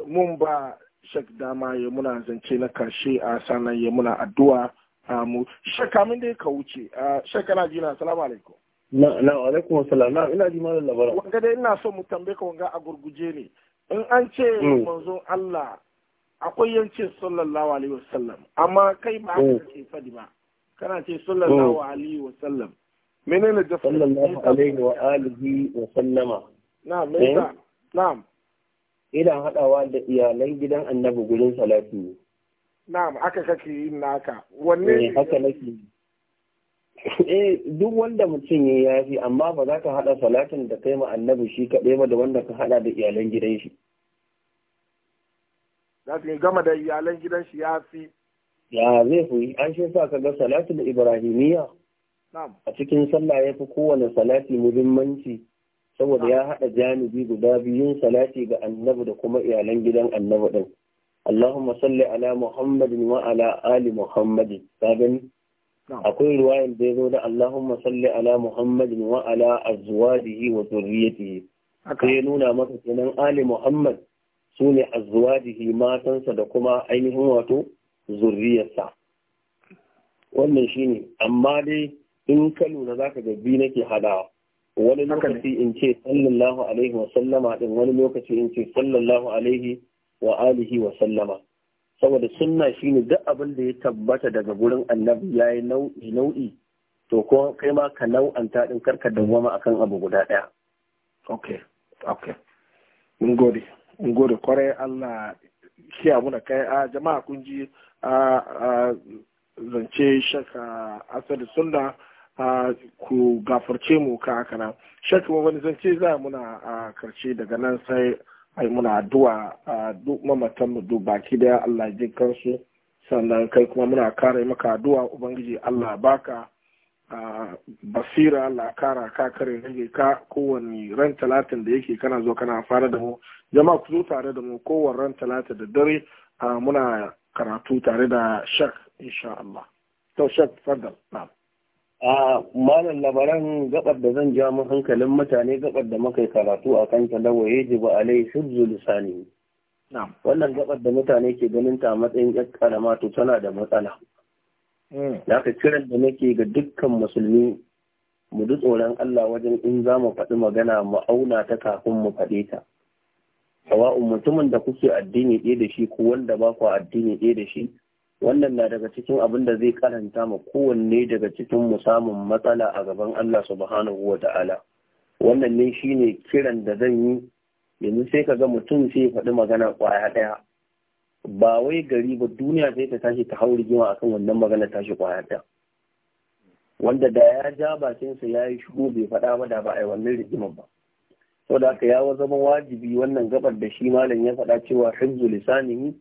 Mun ba shek dama ya muna zance na karshe a sanan ya muna addu'a a mu shek kamin dai ka wuce shek kana ji na salamu alaikum na na alaikum assalam na ina ji malam labaran wanga dai ina so mu tambaye ka wanga a gurguje ne in an ce mm. manzo Allah akwai yance sallallahu alaihi wasallam amma kai ba ka ce mm. fadi ba kana ce sallallahu mm. alaihi wasallam menene da sallallahu alaihi wa alihi wa sallama eh? na'am na'am ina haɗawa da iyalan gidan annabi gurin salatu ne na'am aka kake yin naka wanne eh, ne haka nake eh duk wanda mutum ya yafi amma ba za ka haɗa salatin da kai ma annabi shi kaɗai ba da wanda ka haɗa da iyalan gidan shi za ka gama da iyalan gidan shi ya fi ya zai fi an shi sa ka ga salatin ibrahimiyya a cikin sallah ya fi kowane salati muhimmanci saboda ya haɗa janibi guda biyun salati ga annabi da kuma iyalan gidan annabi ɗin Allahumma salli ala Muhammadin wa ala ali Muhammadin ka gani akwai ruwayan da ya zo da Allahumma salli ala Muhammadin wa ala azwajihi wa zurriyatihi sai ya nuna maka kenan ali Muhammad su ne azwajihi matansa da kuma ainihin wato zurriyarsa wannan shine amma dai in ka lura zaka ga bi nake hadawa wani lokaci in ce sallallahu alaihi wa sallama din wani lokaci in ce sallallahu alaihi wa alihi wa sallama saboda sunna shine duk abin da ya tabbata daga gurin annabi yayi nau'i nau'i to ko kai ma ka nau'anta din karka goma akan abu guda daya okay okay mun gode mun gode kwarai Allah kiya muna kai a jama'a kun ji a zance shaka asali sunna ku gafarce mu ka haka nan shakka wani zance za muna a karshe daga nan sai ai muna addu'a a duk mamatan mu duk baki daya Allah ji kansu sannan kai kuma muna kare maka addu'a ubangiji Allah baka basira Allah kara ka kare rage ka kowane ran talatin da yake kana zo kana fara da mu jama'a ku zo tare da mu kowane ran talata da dare muna karatu tare da shak insha Allah to shak fadal na'am a malam labaran gabar da zan ja mu hankalin mutane gabar da muka yi karatu a kan ta lawa yajibu alai hibzu lisani wannan gabar da mutane ke ganin ta matsayin yar karama to tana da matsala da hmm. ka kiran da nake ga dukkan musulmi mu duk tsoron Allah wajen in za mu faɗi magana mu auna ta kafin mu faɗe ta sawa'un mutumin da kuke addini ɗaya da shi ko wanda ba ku addini ɗaya da shi wannan na daga cikin abin da zai karanta ma kowanne daga cikin mu samun matsala a gaban Allah subhanahu wa ta'ala wannan ne shine kiran da zan yi yanzu sai ka ga mutum sai ya faɗi magana ƙwaya ɗaya ba wai gari ba duniya sai ta tashi ta hau rigima kan wannan magana tashi ƙwaya ɗaya wanda da ya ja bakinsa ya yi shigo bai faɗa ba da ba a yi wannan rigimar ba saboda haka ya zama wajibi wannan gabar da shi malam ya faɗa cewa hifzu lisanihi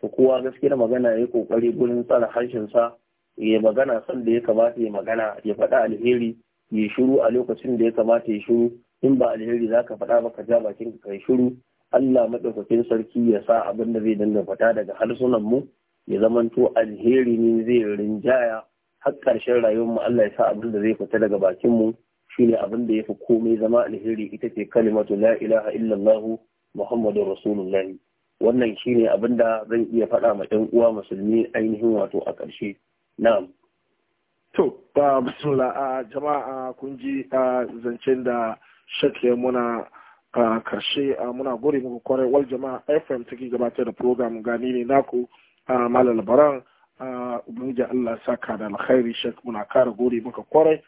ko kowa gaskiya magana ya yi kokari gurin tsara sa ya magana san da ya kamata ya magana ya faɗa alheri ya shiru a lokacin da ya kamata ya shiru in ba alheri za ka faɗa ba ka ja bakin ka kai shiru Allah madaukakin sarki ya sa abin da zai dinga fata daga harsunan mu ya zamanto alheri ne zai rinjaya har ƙarshen rayuwar mu Allah ya sa abin da zai fita daga bakin mu shine abin da ya fi komai zama alheri ita ce kalimatu la ilaha illallah muhammadur rasulullah wannan shine abin da zan iya faɗa ma ɗan uwa musulmi ainihin wato a ƙarshe na'am to ba bismillah a jama'a kun ji a zancen da shakke muna a ƙarshe muna gode muku kwarai wal jama'a fm take gabatar da program gani ne naku a malal baran ubangiji Allah saka da alkhairi shak muna kara gode muka kwarai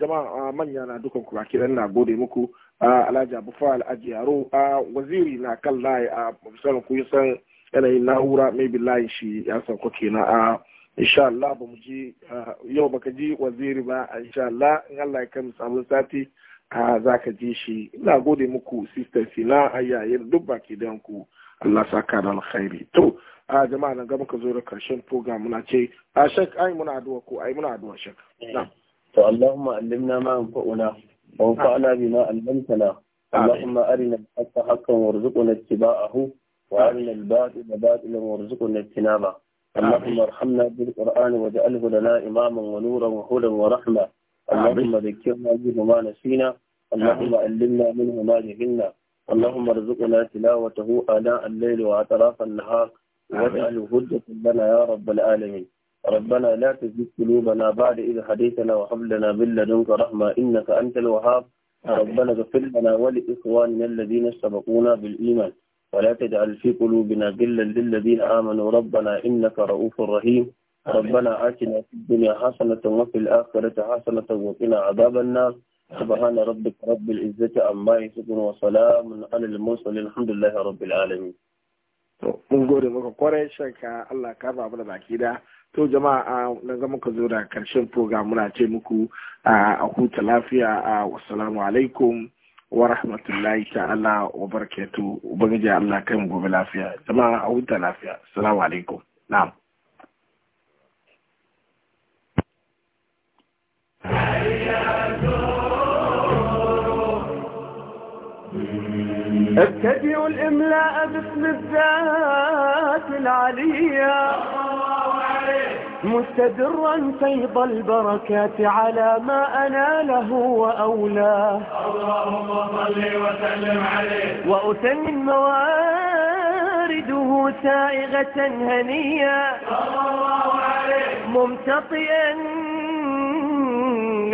jama'a manya na dukan kuma kiɗan na gode muku alhaji abufa alhaji yaro a waziri na kan layi a misalin ku san yanayin na'ura mai bi layi shi ya san ku kenan a insha Allah ba mu ji yau baka ji waziri ba insha Allah in Allah ya kai samu sati a za ka ji shi ina gode muku sister sina a yayin duk baki dan ku Allah sa ka dan alkhairi to a jama'a nan ga muka zo da karshen program muna ce a shek ai muna addu'a ko ai muna addu'a shek to Allahumma allimna ma fa'ona. وانفعنا بما علمتنا اللهم أرنا الحق حقا وارزقنا اتباعه وأرنا الباطل باطلا وارزقنا اجتنابه اللهم ارحمنا بالقرآن واجعله لنا إماما ونورا وهدى ورحمة اللهم ذكرنا منه ما نسينا اللهم علمنا منه ما جهلنا اللهم ارزقنا تلاوته آناء الليل وأطراف النهار واجعله هدة لنا يا رب العالمين ربنا لا تزغ قلوبنا بعد إذ هديتنا وهب لنا من لدنك رحمة إنك أنت الوهاب ربنا اغفر لنا ولإخواننا الذين سبقونا بالإيمان ولا تجعل في قلوبنا غلا للذين آمنوا ربنا إنك رؤوف رحيم ربنا آتنا في الدنيا حسنة وفي الآخرة حسنة وقنا عذاب النار سبحان ربك رب العزة عما يصفون وسلام على المرسلين الحمد لله رب العالمين. mun gode maka kwarai shanka Allah ka ba mu da baki da to jama'a nan ga muka zo da karshen program muna ce muku a huta lafiya a wasalamu alaikum wa rahmatullahi ta'ala wa barketu ubangiji Allah kai mu gobe lafiya jama'a a huta lafiya assalamu alaikum na'am ابتدئوا الإملاء باسم الذات العليا مستدرا فيض البركات على ما أنا له وأولاه اللهم صل وسلم عليه وأتمم موارده سائغة هنية صلى الله عليه ممتطئا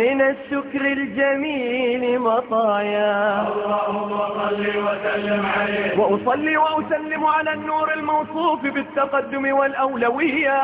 من الشكر الجميل مطايا اللهم صل وسلم عليه وأصلي وأسلم على النور الموصوف بالتقدم والأولوية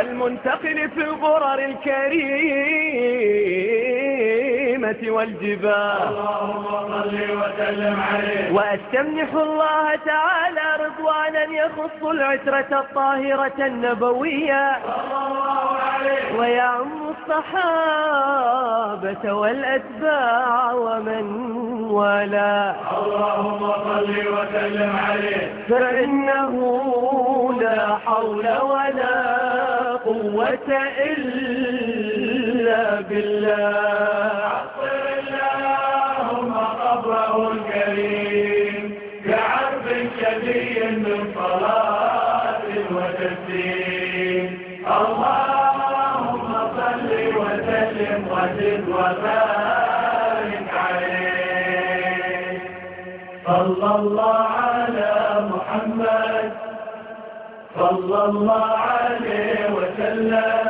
المنتقل في الغرر الكريمة والجبال اللهم صل وسلم عليه وأستمنح الله تعالى رضوانا يخص العترة الطاهرة النبوية صلى الله عليه ويعم الصحابة والأتباع ومن ولا اللهم صل وسلم عليه فإنه لا حول ولا قوة إلا بالله صلى على محمد صلى الله عليه وسلم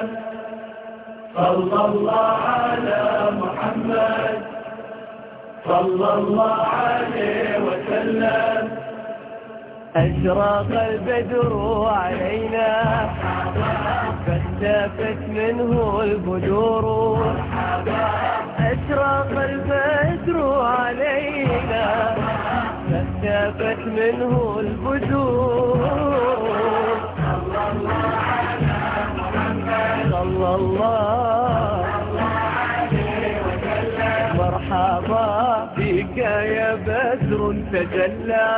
صلى الله على محمد صلى الله عليه وسلم أشراق البدر علينا فاختفت منه البدور أشراق البدر علينا شافت منه البدور صلى الله على محمد صلى الله عليه وسلم مرحبا بك يا بدر تجلى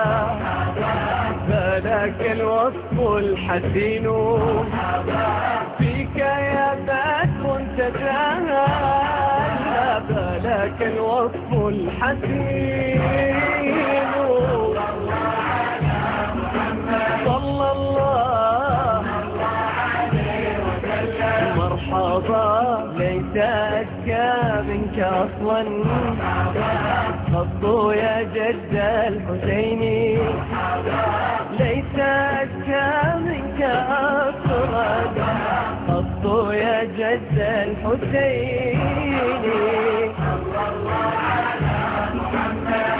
فلك الوصف الحسين فيك يا بدر تجلى فلك الوصف الحسين مضى ليس أزكى منك أصلا خطوا يا جد الحسين ليس أزكى منك أصلا خطوا يا جد الحسيني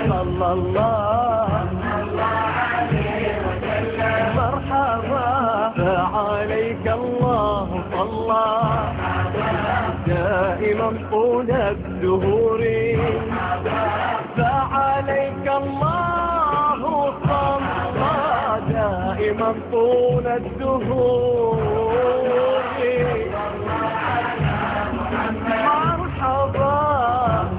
صلى الله عليه وسلم مرحبا فعليك الله صلى دائما طول الدهور فعليك الله صمت دائما طول الدهور مرحبا